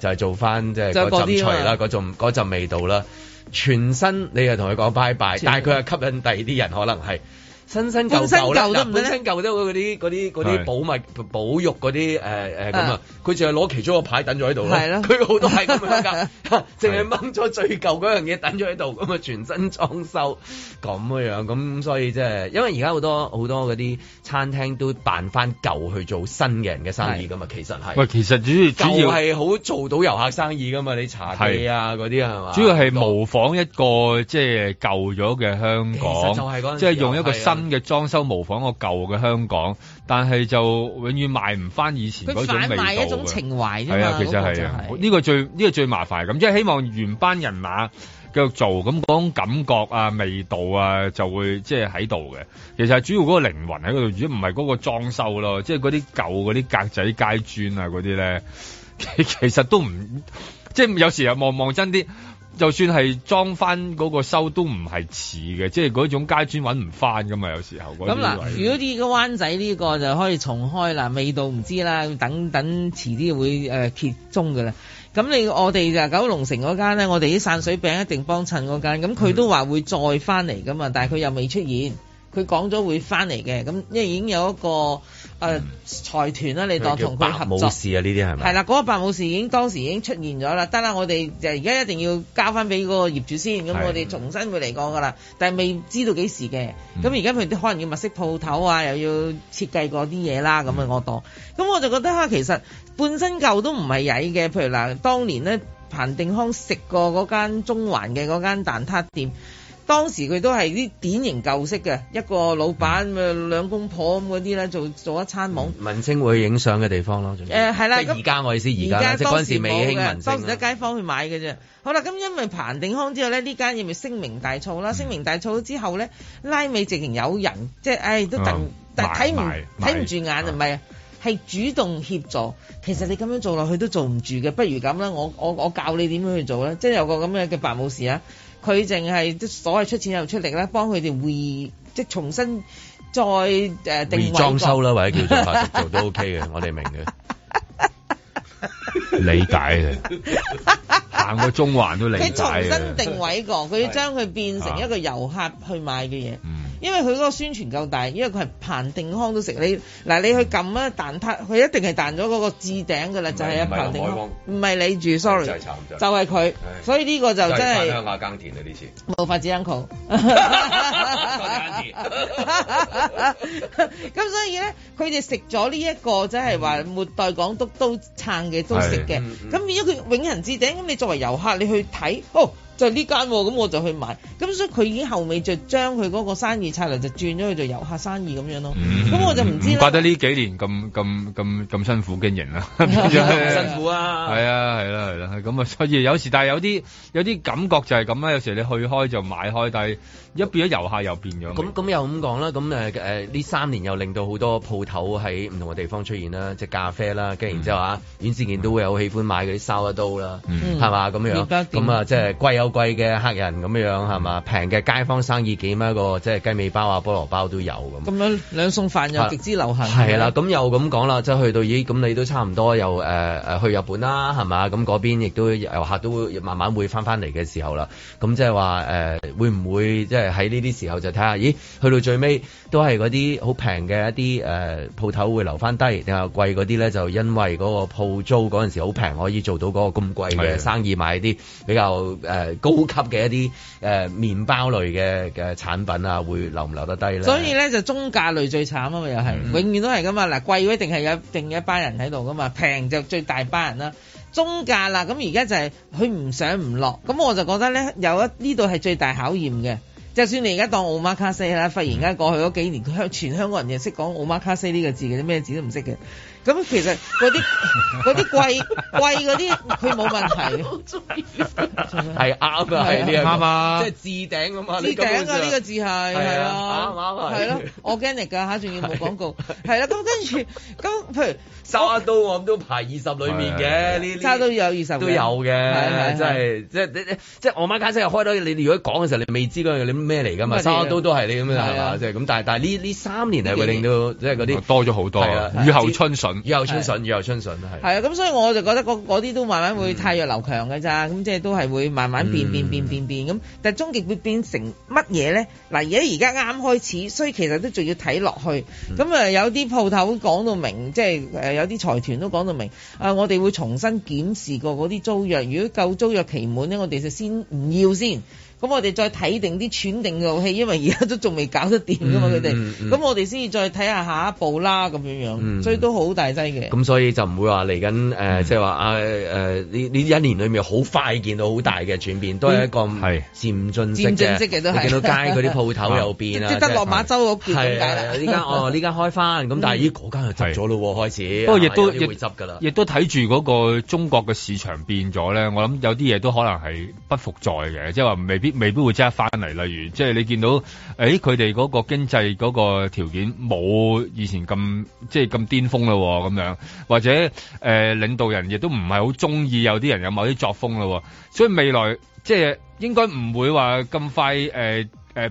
就係做翻即係嗰陣味啦，嗰種陣味道啦，全身你係同佢講拜拜，但係佢係吸引第二啲人，可能係。新新舊舊咧，新舊都嗰啲嗰啲嗰啲保密是保育嗰啲誒誒咁啊，佢淨係攞其中個牌等咗喺度啦。佢好多係咁樣噶，淨係掹咗最舊嗰樣嘢等咗喺度，咁啊全身裝修咁樣，咁所以即係因為而家好多好多嗰啲餐廳都扮翻舊去做新嘅人嘅生意噶嘛，是其實係喂，其實主要主要係好做到遊客生意噶嘛，你茶記啊嗰啲係嘛？是是吧主要係模仿一個即係舊咗嘅香港，就係即係用一個新新嘅裝修模仿個舊嘅香港，但係就永遠賣唔翻以前嗰種味道。佢販賣一種情懷啫。係啊的，其實係啊，呢個最呢、呢個最麻煩。咁即係希望原班人馬繼續做，咁嗰種感覺啊、味道啊，就會即係喺度嘅。其實係主要嗰個靈魂喺嗰度，如果唔係嗰個裝修咯，即係嗰啲舊嗰啲格仔階磚啊嗰啲咧，其實都唔即係有時又望望真啲。就算係裝翻嗰個收都唔係似嘅，即係嗰種街磚揾唔翻噶嘛，有時候。咁嗱、啊，如果啲個灣仔呢個就可以重開啦，味道唔知啦，等等，等遲啲會誒、呃、揭盅噶啦。咁你我哋就九龍城嗰間咧，我哋啲散水餅一定幫襯嗰間，咁佢都話會再翻嚟噶嘛，嗯、但係佢又未出現。佢講咗會翻嚟嘅，咁因為已經有一個誒財團啦，你當同佢合作。白武士啊，呢啲係咪？係啦，嗰個白武士已經當時已經出現咗啦，得啦，我哋就而家一定要交翻俾個業主先，咁的我哋重新會嚟講噶啦。但係未知道幾時嘅，咁而家佢可能要物色鋪頭啊，又要設計嗰啲嘢啦，咁啊、嗯、我當。咁我就覺得嚇，其實本身舊都唔係曳嘅，譬如嗱，當年咧彭定康食過嗰間中環嘅嗰間蛋撻店。當時佢都係啲典型舊式嘅，一個老闆咁兩公婆咁嗰啲咧做做一餐網，嗯、文青會影相嘅地方咯。誒係啦，而家、呃、那我意思而家，在當時未興文青，當時得街坊去買嘅啫。好啦，咁因為彭定康之後咧，呢間嘢咪要聲名大噪啦？嗯、聲名大噪之後咧，拉尾直情有人，即係誒都、啊、但睇唔睇唔住眼啊？唔係啊，係主動協助。其實你咁樣做落去都做唔住嘅，不如咁啦，我我我教你點樣去做啦，即係有個咁嘅叫白武士啊！佢淨係都所謂出錢又出力啦，幫佢哋會即重新再誒定位過。裝修啦，或者叫做乜嘢做都 OK 嘅，我哋明嘅。理解嘅，行個中環都理解。佢重新定位過，佢要將佢變成一個遊客去買嘅嘢。因為佢嗰個宣傳夠大，因為佢係彭定康都食你嗱，你去撳啊蛋撻，佢一定係彈咗嗰個置頂嘅啦，就係一彭定康，唔係你住，sorry，就係佢，所以呢個就真係鄉下耕田呢次冇法子。uncle 咁所以咧，佢哋食咗呢一個即係話末代港督都撐嘅都食嘅，咁變咗佢永恆置頂。咁你作為遊客，你去睇，哦。就呢間咁我就去買，咁所以佢已經後尾就將佢嗰個生意拆嚟就轉咗去做遊客生意咁樣咯。咁、嗯、我就唔知咧。怪得呢幾年咁咁咁咁辛苦經營啦，辛苦啊，係啊係啦係啦，咁啊、啊、啊、啊、啊所以有時，但係有啲有啲感覺就係咁啦。有時你去開就買開，但係一變咗遊客又變咗。咁咁、嗯、又咁講啦，咁誒誒呢三年又令到好多鋪頭喺唔同嘅地方出現啦，即咖啡啦，跟然之後啊，尹志健都會好喜歡買嗰啲修一刀啦，係嘛咁樣，咁啊即係貴有貴嘅客人咁樣樣係嘛，平嘅街坊生意幾蚊一個，即係雞尾包啊、菠蘿包都有咁。咁樣兩餸飯又極之流行。係啦，咁又咁講啦，即係去到咦，咁你都差唔多又誒誒去日本啦，係嘛，咁嗰邊亦都遊客都會慢慢會翻翻嚟嘅時候啦。咁即係話誒，會唔會即係喺呢啲時候就睇下，咦，去到最尾都係嗰啲好平嘅一啲誒鋪頭會留翻低，定係貴嗰啲咧就因為嗰個鋪租嗰陣時好平，可以做到嗰個咁貴嘅生意，是的 買啲比較誒。呃高級嘅一啲誒、呃、麵包類嘅嘅產品啊，會留唔留得低咧？所以咧就中價類最慘啊，又係、嗯、永遠都係㗎嘛。嗱貴嘅一定係有一定一班人喺度噶嘛，平就最大班人啦。中價啦，咁而家就係佢唔上唔落，咁我就覺得咧有一呢度係最大考驗嘅。就算你而家當奧馬卡西啦，忽然間過去嗰幾年，香、嗯、全香港人又識講奧馬卡西呢個字嘅，咩字都唔識嘅。咁其實嗰啲嗰啲貴貴嗰啲佢冇問題，係啱啊！係呢啱個，即係置頂咁嘛，置頂啊呢個字係係啊，啱啱係，係咯 organic 㗎仲要冇廣告，係啦。咁跟住咁譬如收沙刀我諗都排二十裏面嘅，呢沙刀有二十都有嘅，係係真係即係你即我媽家姐又開咗，你你如果講嘅時候你未知嗰樣嘢咩嚟㗎嘛？沙刀都係呢咁樣係嘛？即係咁，但係但係呢呢三年係會令到即係嗰啲多咗好多啊，雨後春筍。以後春筍，是以後春筍，係係啊，咁所以我就覺得嗰啲都慢慢會汰弱留強㗎咋，咁即係都係會慢慢變變變變變咁。但係終極會變成乜嘢咧？嗱，而家而家啱開始，所以其實都仲要睇落去。咁啊、嗯，有啲鋪頭講到明，即係誒有啲財團都講到明啊，嗯、我哋會重新檢視過嗰啲租約。如果夠租約期滿咧，我哋就先唔要先。咁我哋再睇定啲斷定嘅遊戲，因為而家都仲未搞得掂噶嘛，佢哋。咁我哋先至再睇下下一步啦，咁樣樣。所以都好大劑嘅。咁所以就唔會話嚟緊誒，即係話啊誒呢呢一年裏面好快見到好大嘅轉變，都係一個係漸進漸進式即你到街嗰啲鋪頭又變啦，即係得落馬洲嗰邊係呢間哦，呢間開翻，咁但係依嗰間就執咗咯喎，開始。不過亦都亦會執啦。亦都睇住嗰個中國嘅市場變咗咧，我諗有啲嘢都可能係不復在嘅，即係話未必。未必會即刻翻嚟，例如即係你見到，誒佢哋嗰個經濟嗰個條件冇以前咁即係咁巔峰咯，咁樣或者誒領導人亦都唔係好中意有啲人有某啲作風咯，所以未來即係應該唔會話咁快誒誒。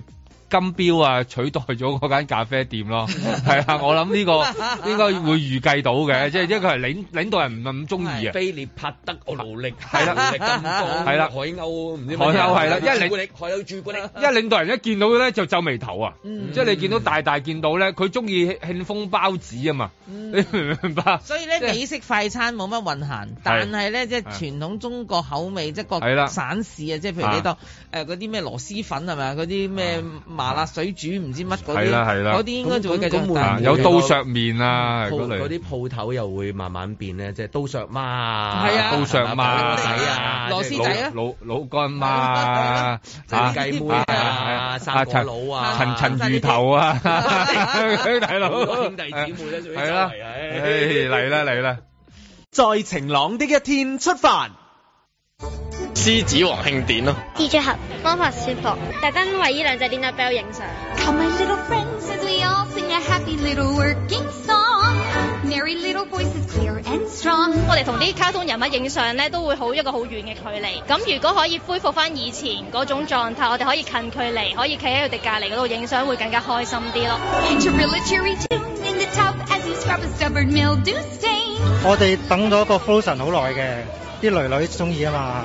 金標啊取代咗嗰間咖啡店咯，係啊，我諗呢個應該會預計到嘅，即係因為佢係領領導人唔係咁中意啊。飛列柏德勞力係啦，勞力係啦，海鷗唔知海鷗係啦，朱古力海鷗朱古力，因為領導人一見到咧就皺眉頭啊，即係你見到大大見到咧，佢中意慶豐包子啊嘛，你明唔明白？所以咧美式快餐冇乜運行，但係咧即係傳統中國口味即係各省市啊，即係譬如你當誒嗰啲咩螺螄粉係咪啊嗰啲咩？麻辣水煮唔知乜嗰啲，嗰啲應該就會繼續換。有刀削麵啊，嗰類嗰啲鋪頭又會慢慢變咧，即係刀削媽、刀削媽仔啊、螺絲仔啊、老老乾媽啊、雞妹啊、三顆腦啊、陳陳魚頭啊，係啦，兄弟姊妹咧，最為係啦，嚟啦嚟啦，在晴朗的一天出發。獅子王慶典咯，DJ 合魔法師傅，特登為呢兩隻 LinaBell 影相。Come my little friends, we all sing a happy little working song, merry little voices clear and strong。我哋同啲卡通人物影相咧，都會好一個好遠嘅距離。咁如果可以恢復翻以前嗰種狀態，我哋可以近距離，可以企喺佢哋隔離嗰度影相，會更加開心啲咯。我哋等咗個 Frozen 好耐嘅，啲囡囡中意啊嘛。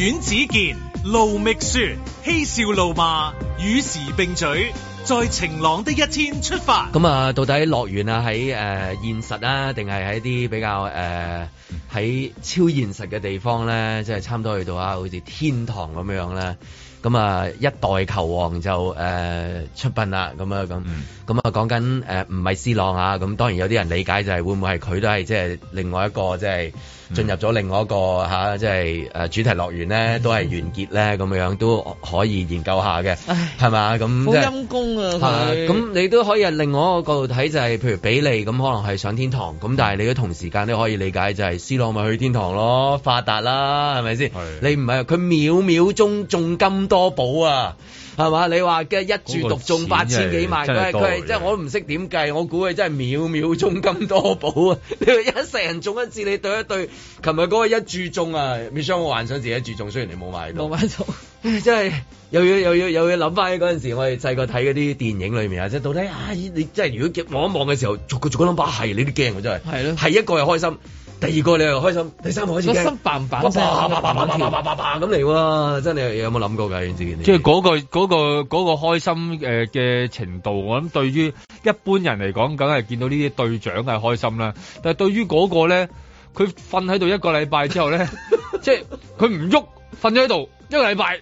阮子健、盧覓雪，嬉笑怒罵與時並舉，在晴朗的一天出發。咁啊，到底樂園啊喺誒現實啊，定係喺啲比較誒喺、呃、超現實嘅地方咧？即係差唔多去到啊，好似天堂咁樣樣咧。咁啊，一代球王就誒、呃、出殯啦。咁、嗯呃、啊，咁咁啊，講緊誒唔係思朗啊。咁當然有啲人理解就係會唔會係佢都係即係另外一個即係。就是進入咗另外一個吓，即係誒主題樂園咧，都係完結咧，咁樣都可以研究下嘅，係嘛咁。好陰功啊！係咁、啊，你都可以喺另外一個角度睇，就係、是、譬如比利咁，可能係上天堂，咁、嗯、但係你都同時間都可以理解，就係 C 朗咪去天堂咯，發達啦，係咪先？是的 你唔係，佢秒秒鐘中,中金多寶啊！係嘛？你話嘅一注獨中八千幾萬，佢係佢係，即係我都唔識點計，我估佢真係秒秒中金多寶啊！你 (laughs) 話一世人中一次，你對一對，琴日嗰個一注中啊，未想我幻想自己一注中，雖然你冇買到，冇買到，真係、 (laughs) 就是、又要又要又要諗翻起嗰陣時，我哋細個睇嗰啲電影裏面啊，即、就、係、是、到底啊，你真係如果望一望嘅時候，逐個逐個諗把係你都驚，真係係咯，係的一個又開心。第二個你又開心，第三個開始開心百萬聲，叭叭咁嚟喎，真係有冇諗過㗎？你自己，即係嗰個嗰、嗰個嗰個開心誒嘅程度，我諗對於一般人嚟講，梗係見到呢啲隊長係開心啦。但係對於嗰個咧，佢瞓喺度一個禮拜之後咧，即係佢唔喐，瞓咗喺度一個禮拜。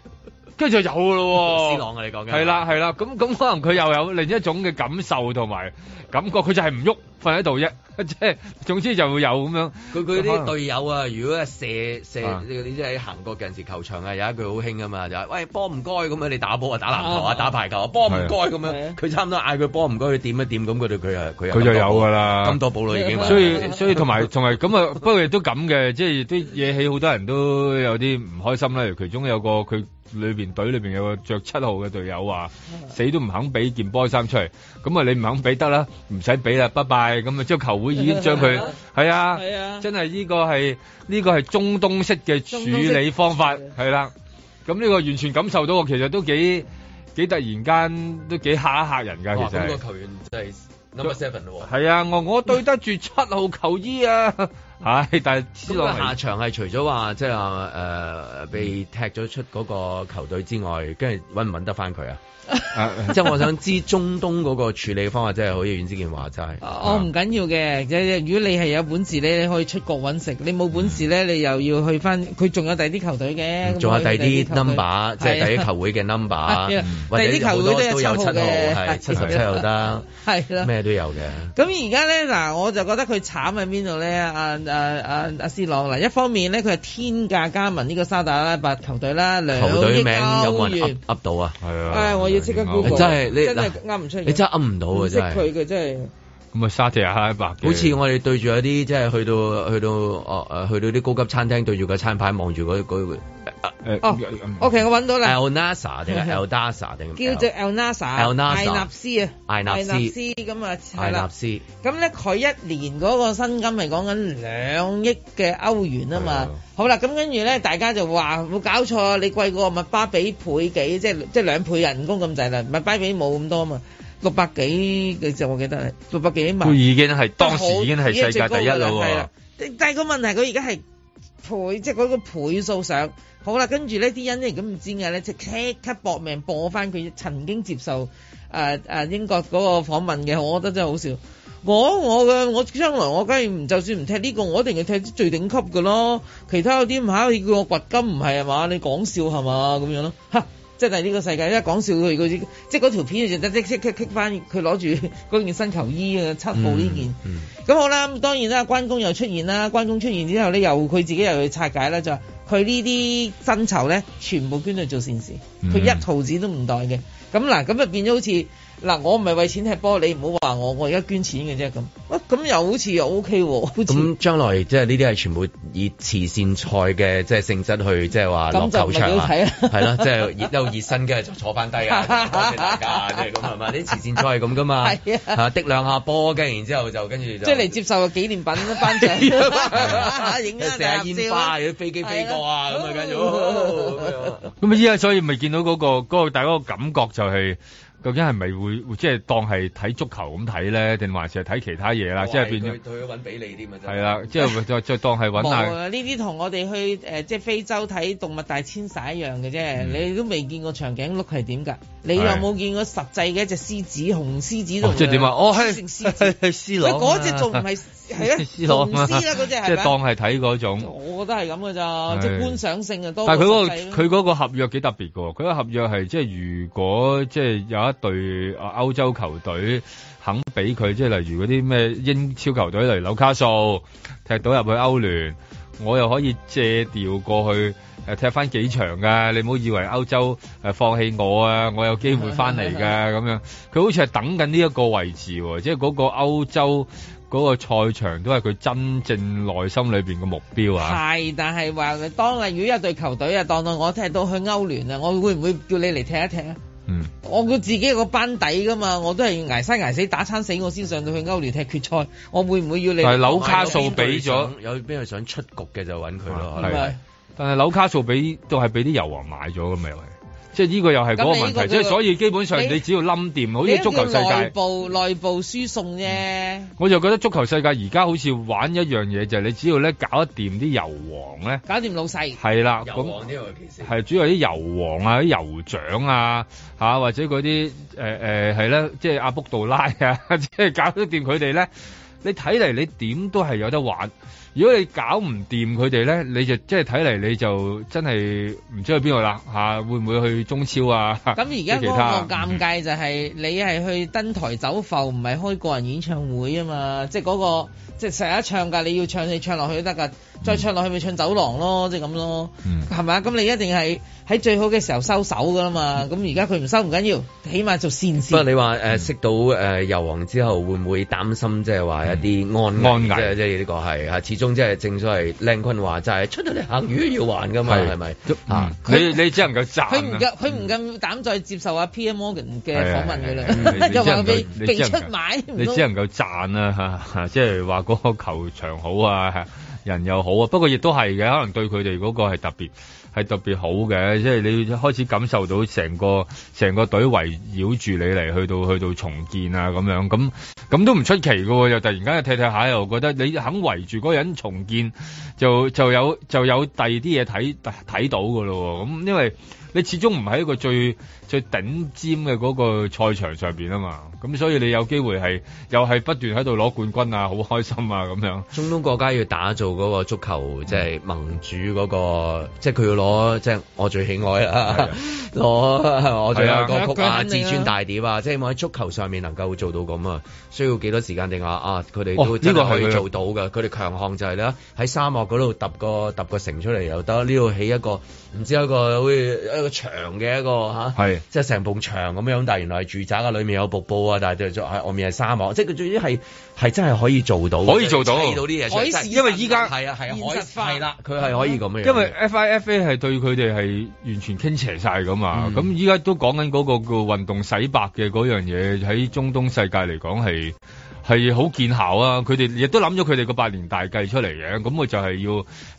跟住就有噶咯，思朗啊，你講緊係啦係啦，咁咁可能佢又有另一種嘅感受同埋感覺，佢就係唔喐，瞓喺度啫，即係總之就會有咁樣。佢佢啲隊友啊，如果射射你你知喺行過近陣時，球場啊有一句好興噶嘛，就係喂波唔該咁樣，你打波啊打籃球啊打排球啊，波唔該咁樣，佢差唔多嗌佢波唔該，佢點一點咁嗰度佢啊佢佢就有噶啦，咁多暴怒已經。所以所以同埋同埋，咁啊，不過亦都咁嘅，即係啲惹起好多人都有啲唔開心啦。其中有個佢。裏邊隊裏邊有個着七號嘅隊友話死都唔肯俾件波衫出嚟，咁啊你唔肯俾得啦，唔使俾啦，拜拜，咁啊之後球會已經將佢係啊，啊啊真係呢個係呢、這個係中東式嘅處理方法，係啦，咁呢、啊、個完全感受到我其實都幾幾突然間都幾吓一吓人噶，其實個球員真係 number seven 咯，係了啊，我我對得住七號球衣啊。 (laughs) 唉，但係咁下場係除咗話即係話誒被踢咗出嗰個球隊之外，跟住揾唔揾得翻佢啊？即係我想知中東嗰個處理方法真係好似袁之健話齋，我唔緊要嘅。如果你係有本事咧，你可以出國揾食；你冇本事咧，你又要去翻。佢仲有第二啲球隊嘅，仲有第二啲 number，即係第啲球會嘅 number，或者啲球隊都有七七十七，有得，係咩都有嘅。咁而家咧嗱，我就覺得佢慘喺邊度咧啊！啊阿阿、啊啊、斯朗嗱，一方面咧，佢係天價加盟呢個沙特阿拉伯球隊啦，兩億歐元，球隊名有冇人噏噏到啊？係啊！誒，我要即刻估個，真係，你真係噏唔出嚟，你真係噏唔到嘅。真係咁啊，沙特阿拉伯好似我哋對住一啲即係去到去到去到啲、啊、高級餐廳，對住個餐牌望住嗰嗰哦，OK，我揾到啦。叫做 El Nasa，艾納斯啊，艾納斯咁啊，係啦。艾納斯咁咧，佢一年嗰個薪金係講緊兩億嘅歐元啊嘛。好啦，咁跟住咧，大家就話冇搞錯，你貴過咪巴比倍幾，即係即係兩倍人工咁滯啦。咪巴比冇咁多啊嘛，六百幾嘅就我記得係六百幾萬。佢已經係當時已經係世界第一啦。但係個問題，佢而家係倍，即係嗰個倍數上。好啦，跟住呢啲人咧，咁唔知嘅咧，就即刻搏命播翻佢曾經接受誒誒、呃啊、英國嗰個訪問嘅，我覺得真係好笑。我我嘅我將來我梗係唔就算唔踢呢、呢個，我一定要踢最頂級嘅咯。其他有啲唔係可以叫我掘金唔係啊嘛？你講笑係嘛咁樣咯？嚇！即係呢個世界一講笑佢即係嗰條片就即刻 cut 翻佢攞住嗰件新球衣啊，七號呢件。咁、嗯嗯、好啦，當然啦，關公又出現啦。關公出現之後咧，又佢自己又去拆解啦，就佢呢啲薪酬咧，全部捐去做善事，佢、嗯、一毫子都唔袋嘅。咁嗱，咁就變咗好似。嗱，我唔係為錢踢波，你唔好話我，我而家捐錢嘅啫咁。喂，咁、啊、又好似又 O K，咁將來即係呢啲係全部以慈善賽嘅即係性質去即係話落球場啊，係咯，即係熱都熱身嘅，就坐翻低啊，多謝、啊、 (laughs) 大家，即係咁係嘛，啲慈善賽係咁噶嘛，係啊，滴兩下波嘅，然之後就跟住就即係嚟接受個紀念品頒獎，影、 (laughs) (laughs) 啊、下煙花，啲、嗯、飛機飛過啊咁啊，咁咁咁依家所以咪見到嗰、嗰個嗰、嗰個大嗰、嗰個感覺就係、係。究竟係咪會即係當係睇足球咁睇呢？定還是係睇其他嘢啦？即係變咗去去揾俾你啲嘛？係、呃、啦，即係再當係搵下。冇呢啲同我哋去即係非洲睇動物大遷徙一樣嘅啫。嗯、你都未見過長頸鹿係點㗎？你又冇是見過實際嘅一隻獅子？紅獅子仲即係點啊？哦，係變獅子，係獅子。嗰隻仲唔係？係咧，唔知啦嗰隻係，即係當係睇嗰種。我覺得係咁噶咋，即係觀賞性啊多。但係佢嗰個佢嗰個合約幾特別噶，佢個合約係即係如果即係有一隊歐洲球隊肯俾佢，即係例如嗰啲咩英超球隊嚟紐卡素踢到入去歐聯，我又可以借調過去誒踢翻幾場噶。你唔好以為歐洲誒放棄我啊，我有機會翻嚟噶咁樣。佢好似係等緊呢一個位置，即係嗰個歐洲。嗰個賽場都係佢真正內心裏面嘅目標啊！係，但係話當如果一隊球隊啊，當到我踢到去歐聯啊，我會唔會叫你嚟踢一踢啊？嗯，我個自己有個班底噶嘛，我都係要捱生捱死打餐死，我先上到去歐聯踢決賽。我會唔會要你？係紐卡素俾咗，有邊個想出局嘅就搵佢咯。係咪？但係紐卡素俾都係俾啲油王買咗噶咪。即係呢個又係嗰個問題，這個、即係所以基本上你只要冧掂，你好似足球世界，內部內部輸送啫、嗯。我就覺得足球世界而家好似玩一樣嘢，就係、是、你只要咧搞掂啲油，啦油王咧，搞掂老細，係、啊啊呃呃、啦，咁呢其實主要啲油王啊、啲酋長啊或者嗰啲誒誒係即係阿卜杜拉啊，即係搞掂佢哋咧。你睇嚟，你點都係有得玩，如果你搞唔掂佢哋咧，你就即係睇嚟你就真係唔知去邊度啦吓，會唔會去中超啊？咁而家嗰個尷尬就係你係去登台走埠，唔係開個人演唱會啊嘛，即係嗰、嗰個即係成日唱㗎，你要唱你唱落去都得㗎。再唱落去咪唱酒廊囉，即係咁咯，係咪？咁你一定係喺最好嘅時候收手㗎啦嘛。咁而家佢唔收唔緊要，起碼做善事。不過你話誒識到誒遊王之後，會唔會擔心即係話一啲安危？即係呢個係啊，始終即係正所謂靚坤話就係出到嚟行預要還㗎嘛，係咪？佢你只能夠讚。佢唔佢夠膽再接受阿 Piers Morgan 嘅訪問嘅啦，又話佢被出賣。你只能夠讚啊！即係話嗰個球場好啊！人又好啊，不過亦都係嘅，可能對佢哋嗰個係特別係特別好嘅，即係你開始感受到成個成個隊圍繞住你嚟去到去到重建啊咁樣，咁咁都唔出奇㗎喎，又突然間又踢踢下又覺得你肯圍住嗰個人重建就就有就有第二啲嘢睇睇到㗎咯喎，咁因為你始終唔係一個最。最頂尖嘅嗰個賽場上邊啊嘛，咁所以你有機會係又係不斷喺度攞冠軍啊，好開心啊咁樣。中東國家要打造嗰個足球即係、就是、盟主嗰、那個，嗯、即係佢要攞即係我最喜愛啊，攞、就是、我最愛歌曲啊，啊啊啊至尊大碟啊，即係希望喺足球上面能夠做到咁啊。需要幾多時間定話啊？佢、啊、哋都、哦、真係可以做到㗎。佢哋強項就係咧喺沙漠嗰度揼個揼個城出嚟又得，呢度起一個唔知一個好似一,一個長嘅一個嚇。啊即係成埲牆咁樣，但原來係住宅嘅，裏面有瀑布啊，但係就係外面係沙漠，即係佢最屘係係真係可，可以做到，可以做到，睇到啲嘢，因為依家係啊係海費啦，佢係可以咁樣。因為 FIFA 係對佢哋係完全傾斜晒噶嘛，咁依家都講緊嗰個叫運動洗白嘅嗰樣嘢喺中東世界嚟講係係好見效啊！佢哋亦都諗咗佢哋個百年大計出嚟嘅，咁佢就係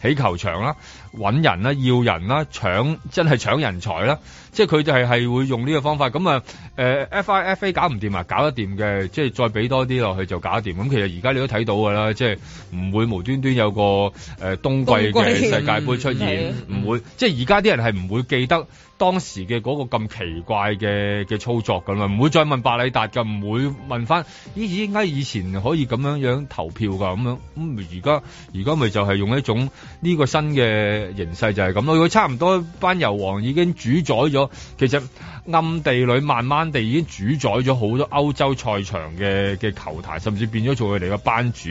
要起球場啦。搵人啦、啊，要人啦、啊，搶真係搶人才啦、啊，即係佢就係係會用呢個方法。咁啊、呃、FIFA 搞唔掂啊，搞得掂嘅，即係再俾多啲落去就搞得掂。咁、嗯、其實而家你都睇到㗎啦，即係唔會無端端有個誒、呃、冬季嘅世界盃出現，唔奸會，的會即係而家啲人係唔會記得當時嘅嗰個咁奇怪嘅嘅操作咁啊，唔會再問白禮達㗎，唔會問翻咦咦應該以前可以咁樣樣投票㗎咁樣，咁而家而家咪就係用一種呢個新嘅。形勢就係咁咯，佢差唔多班油王已經主宰咗，其實暗地裏慢慢地已經主宰咗好多歐洲賽場嘅嘅球壇，甚至變咗做佢哋嘅班主。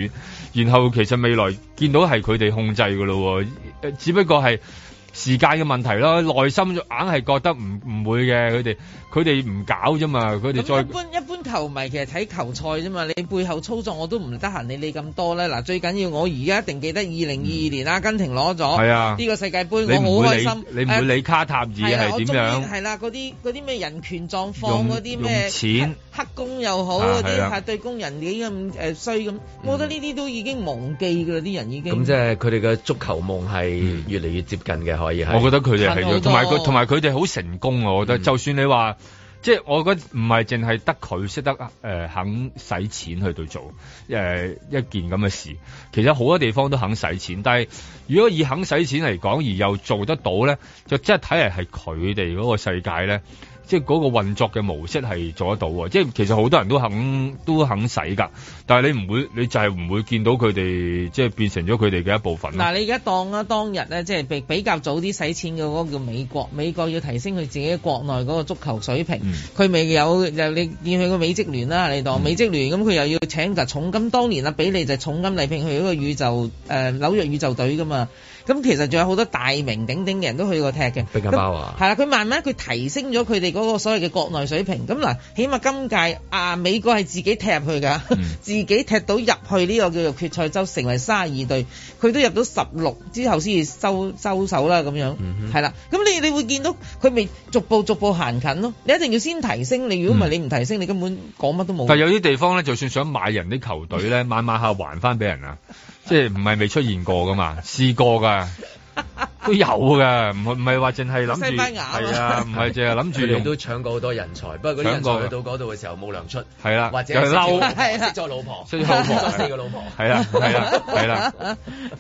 然後其實未來見到係佢哋控制噶咯，只不過係。時間嘅問題咯，內心硬係覺得唔唔會嘅，佢哋佢哋唔搞啫嘛，佢哋再一般一般球迷其實睇球賽啫嘛，你背後操作我都唔得閒理你咁多啦。嗱，最緊要我而家一定記得二零二二年阿、嗯、根廷攞咗呢個世界盃，啊、我好開心。你唔會理，你唔會理卡塔爾係點樣？係啦、啊，嗰啲啲咩人權狀況，嗰啲咩錢黑工又好嗰啲，係對工人點咁誒衰咁？嗯、我覺得呢啲都已經忘記㗎啦，啲人已經。咁即係佢哋嘅足球夢係越嚟越接近嘅。是我覺得佢哋係，同埋佢同埋佢哋好成功。我覺得、嗯、就算你話，即、就、係、是、我覺得唔係淨係得佢識得誒、呃、肯使錢去到做誒、呃、一件咁嘅事，其實好多地方都肯使錢。但係如果以肯使錢嚟講，而又做得到咧，就即係睇嚟係佢哋嗰個世界咧。即係嗰個運作嘅模式係做得到喎，即係其實好多人都肯都肯使㗎，但係你唔會，你就係唔會見到佢哋即係變成咗佢哋嘅一部分嗱，你而家當啦當日咧，即係比比較早啲使錢嘅嗰個叫美國，美國要提升佢自己國內嗰個足球水平，佢未、嗯、有又你見佢個美職聯啦，你當美職聯咁佢又要請就重金，當年啊比利就重金禮聘佢一個宇宙誒紐、呃、約宇宙隊㗎嘛。咁其實仲有好多大名鼎鼎嘅人都去過踢嘅，碧根包啊，係啦，佢慢慢佢提升咗佢哋嗰個所謂嘅國內水平。咁嗱，起碼今屆啊美國係自己踢入去㗎，嗯、自己踢到入去呢個叫做決賽周，成為卅二隊。佢都入到十六之後先至收收手啦，咁樣，係啦、嗯哼。咁你你會見到佢未逐步逐步行近咯。你一定要先提升。你如果唔係你唔提升，嗯、你根本講乜都冇。但係有啲地方咧，就算想買人啲球隊咧， (laughs) 晚晚下還翻俾人啊，即係唔係未出現過噶嘛？ (laughs) 試過㗎。 (laughs) 都有㗎，唔係唔係話淨係諗住係啊，唔係淨係諗住你。都搶過好多人才，不過嗰人才去到嗰度嘅時候冇糧出，係啦，或者係撈，識咗老婆，識老婆，四個老婆，係啦，係啦，係啦，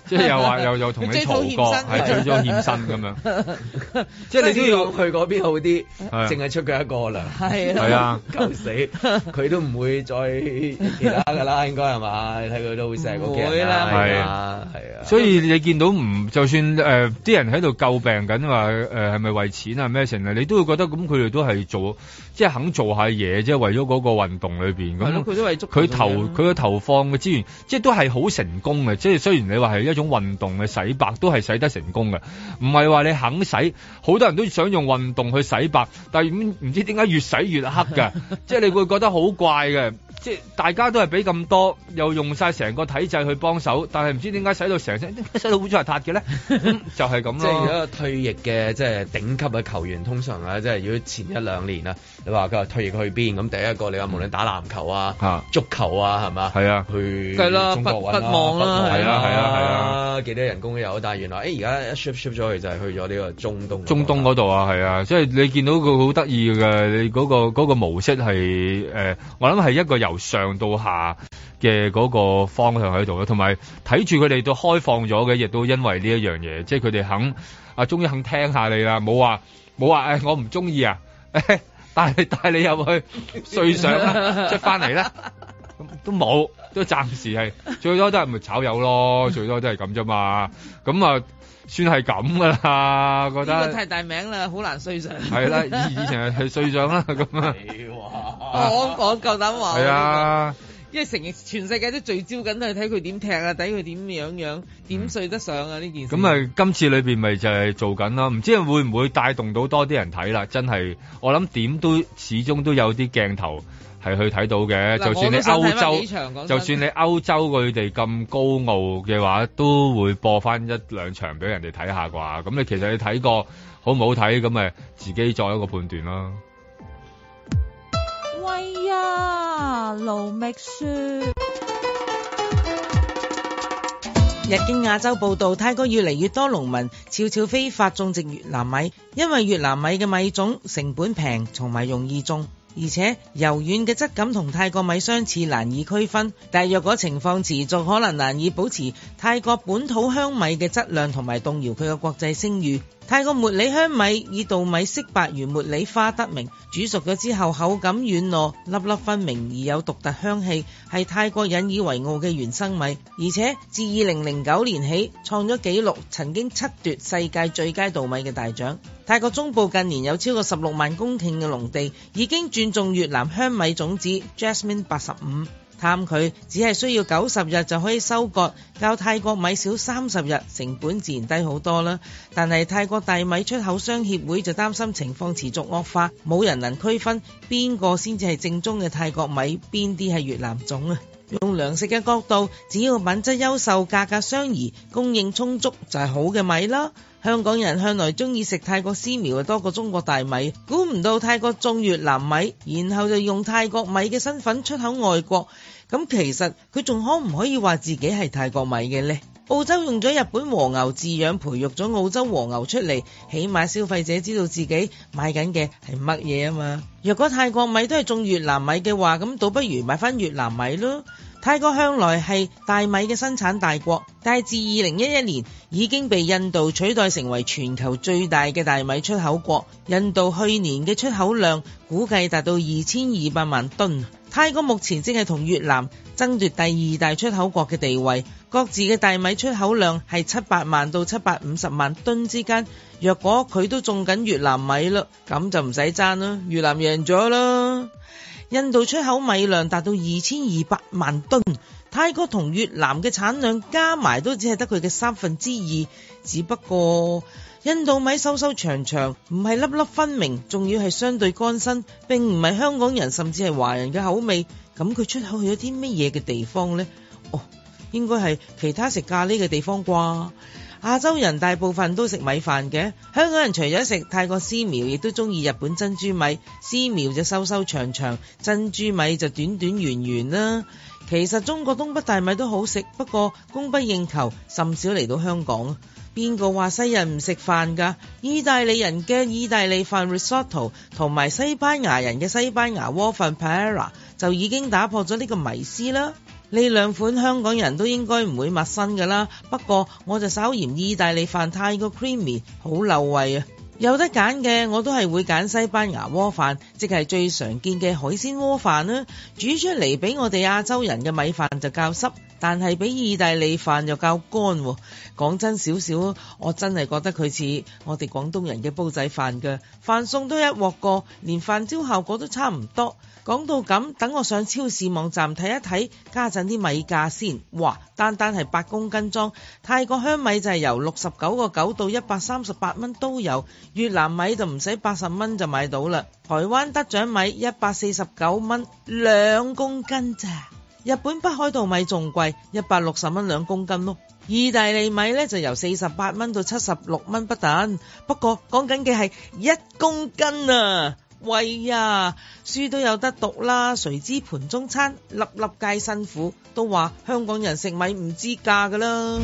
即係又話又又同你嘈過，係娶咗欠薪咁樣，即係你都要去嗰邊好啲，淨係出佢一個糧啦，係啊，夠死，佢都唔會再其他嘅啦，應該係嘛，睇佢都會錫個劇，啦，係啊，係啊，所以你見到唔就算誒。人喺度詬病緊，話誒係咪為錢啊咩成啊？你都會覺得咁，佢哋都係做，即係肯做下嘢，即係為咗嗰個運動裏邊咁。佢都對樣為佢投佢嘅投放嘅資源，啊、即係都係好成功嘅。即係雖然你話係一種運動嘅洗白，都係洗得成功嘅。唔係話你肯洗，好多人都想用運動去洗白，但係唔知點解越洗越黑嘅， (laughs) 即係你會覺得好怪嘅。即係大家都係俾咁多，又用晒成個體制去幫手，但係唔知點解洗到成身點解洗到污糟邋遢嘅咧？ (laughs) 就係。咁即係而家退役嘅即係頂級嘅球員，通常咧即係要前一兩年啦。你話佢話退役去邊？咁第一個你話無論打籃球啊、嗯、足球啊，係嘛？係啊，去。係咯，不不望啦。係啊係啊係啊，幾多人工都有。但係原來誒而家一 shift shift 咗去就係去咗呢個中東。中東嗰度啊，係啊，即係你見到個好得意嘅，嗰、嗰個嗰、嗰個模式係誒、呃，我諗係一個由上到下。嘅嗰個方向喺度咯，同埋睇住佢哋都開放咗嘅，亦都因為呢一樣嘢，即係佢哋肯啊，終於肯聽下你啦，冇話冇話誒，我唔中意啊，帶帶你入去睡上即係翻嚟啦，都冇，都暫時係最多都係咪炒友咯，最多都係咁啫嘛，咁啊算係咁噶啦，覺得太大名啦，好難睡上。係啦，以以前係睡上啦，咁說啊。你話我我夠膽話？係啊。因為成全世界都聚焦緊去睇佢點踢啊，睇佢點樣樣，點睡得上啊呢、嗯、件事。咁咪今次裏邊咪就係做緊啦，唔知會唔會帶動到多啲人睇啦？真係，我諗點都始終都有啲鏡頭係去睇到嘅，喇就算你歐洲，場就算你歐洲佢哋咁高傲嘅話，都會播翻一兩場俾人哋睇下啩。咁你其實你睇過好唔好睇？咁咪自己作一個判斷囉。喂呀！啊！盧覓雪日經亞洲報導，泰國越嚟越多農民悄悄非法種植越南米，因為越南米嘅米種成本平，同埋容易種，而且柔軟嘅質感同泰國米相似，難以區分。但若果情況持續，可能難以保持泰國本土香米嘅質量和的，同埋動搖佢嘅國際聲譽。泰國茉莉香米以稻米色白如茉莉花得名，煮熟咗之後口感軟糯，粒粒分明而有獨特香氣，係泰國引以為傲嘅原生米。而且自二零零九年起，創咗紀錄，曾經七奪世界最佳稻米嘅大獎。泰國中部近年有超過十六萬公頃嘅農地已經轉種越南香米種子 Jasmine 八十五。貪佢只係需要九十日就可以收割，較泰國米少三十日，成本自然低好多啦。但係泰國大米出口商協會就擔心情況持續惡化，冇人能區分邊個先至係正宗嘅泰國米，邊啲係越南種啊？用糧食嘅角度，只要品質優秀、價格相宜、供應充足就，就係好嘅米啦。香港人向來中意食泰國絲苗，多過中國大米。估唔到泰國種越南米，然後就用泰國米嘅身份出口外國。咁其實佢仲可唔可以話自己係泰國米嘅呢？澳洲用咗日本和牛飼養培育咗澳洲和牛出嚟，起碼消費者知道自己買緊嘅係乜嘢啊嘛。如果泰國米都係種越南米嘅話，咁倒不如買翻越南米咯。泰國向來係大米嘅生產大國，但係自二零一一年已經被印度取代成為全球最大嘅大米出口國。印度去年嘅出口量估計達到二千二百萬噸。泰國目前正係同越南爭奪第二大出口國嘅地位，各自嘅大米出口量係七百萬到七百五十萬噸之間。若果佢都種緊越南米咯，咁就唔使爭啦，越南贏咗囉。印度出口米量達到二千二百萬噸，泰國同越南嘅產量加埋都只係得佢嘅三分之二。只不過，印度米收收長長，唔係粒粒分明，仲要係相對乾身，並唔係香港人，甚至係華人嘅口味。咁佢出口去咗啲乜嘢嘅地方呢？哦，應該係其他食咖喱嘅地方啩。亞洲人大部分都食米飯嘅，香港人除咗食泰國絲苗，亦都中意日本珍珠米。絲苗就收收長長，珍珠米就短短圓圓啦。其實中國東北大米都好食，不過供不應求，甚少嚟到香港。邊個話西人唔食飯㗎？意大利人嘅意大利飯 risotto 同埋西班牙人嘅西班牙鍋飯 paella 就已經打破咗呢個迷思啦。呢兩款香港人都應該唔會陌生㗎啦，不過我就稍嫌意大利飯太過 creamy，好漏胃啊。有得揀嘅我都係會揀西班牙鍋飯，即係最常見嘅海鮮鍋飯啦。煮出嚟畀我哋亞洲人嘅米飯就較濕，但係畀意大利飯又較乾。講真少少，我真係覺得佢似我哋廣東人嘅煲仔飯㗎。飯餸都一鑊過，連飯焦效果都差唔多。講到咁，等我上超市網站睇一睇，家陣啲米價先。哇，單單係八公斤裝，泰國香米就係由六十九個九到一百三十八蚊都有，越南米就唔使八十蚊就買到啦。台灣得獎米一百四十九蚊兩公斤咋？日本北海道米仲貴，一百六十蚊兩公斤咯。意大利米咧就由四十八蚊到七十六蚊不等，不過講緊嘅係一公斤啊。喂呀，書都有得讀啦，誰知盤中餐，粒粒皆辛苦，都話香港人食米唔知價噶啦。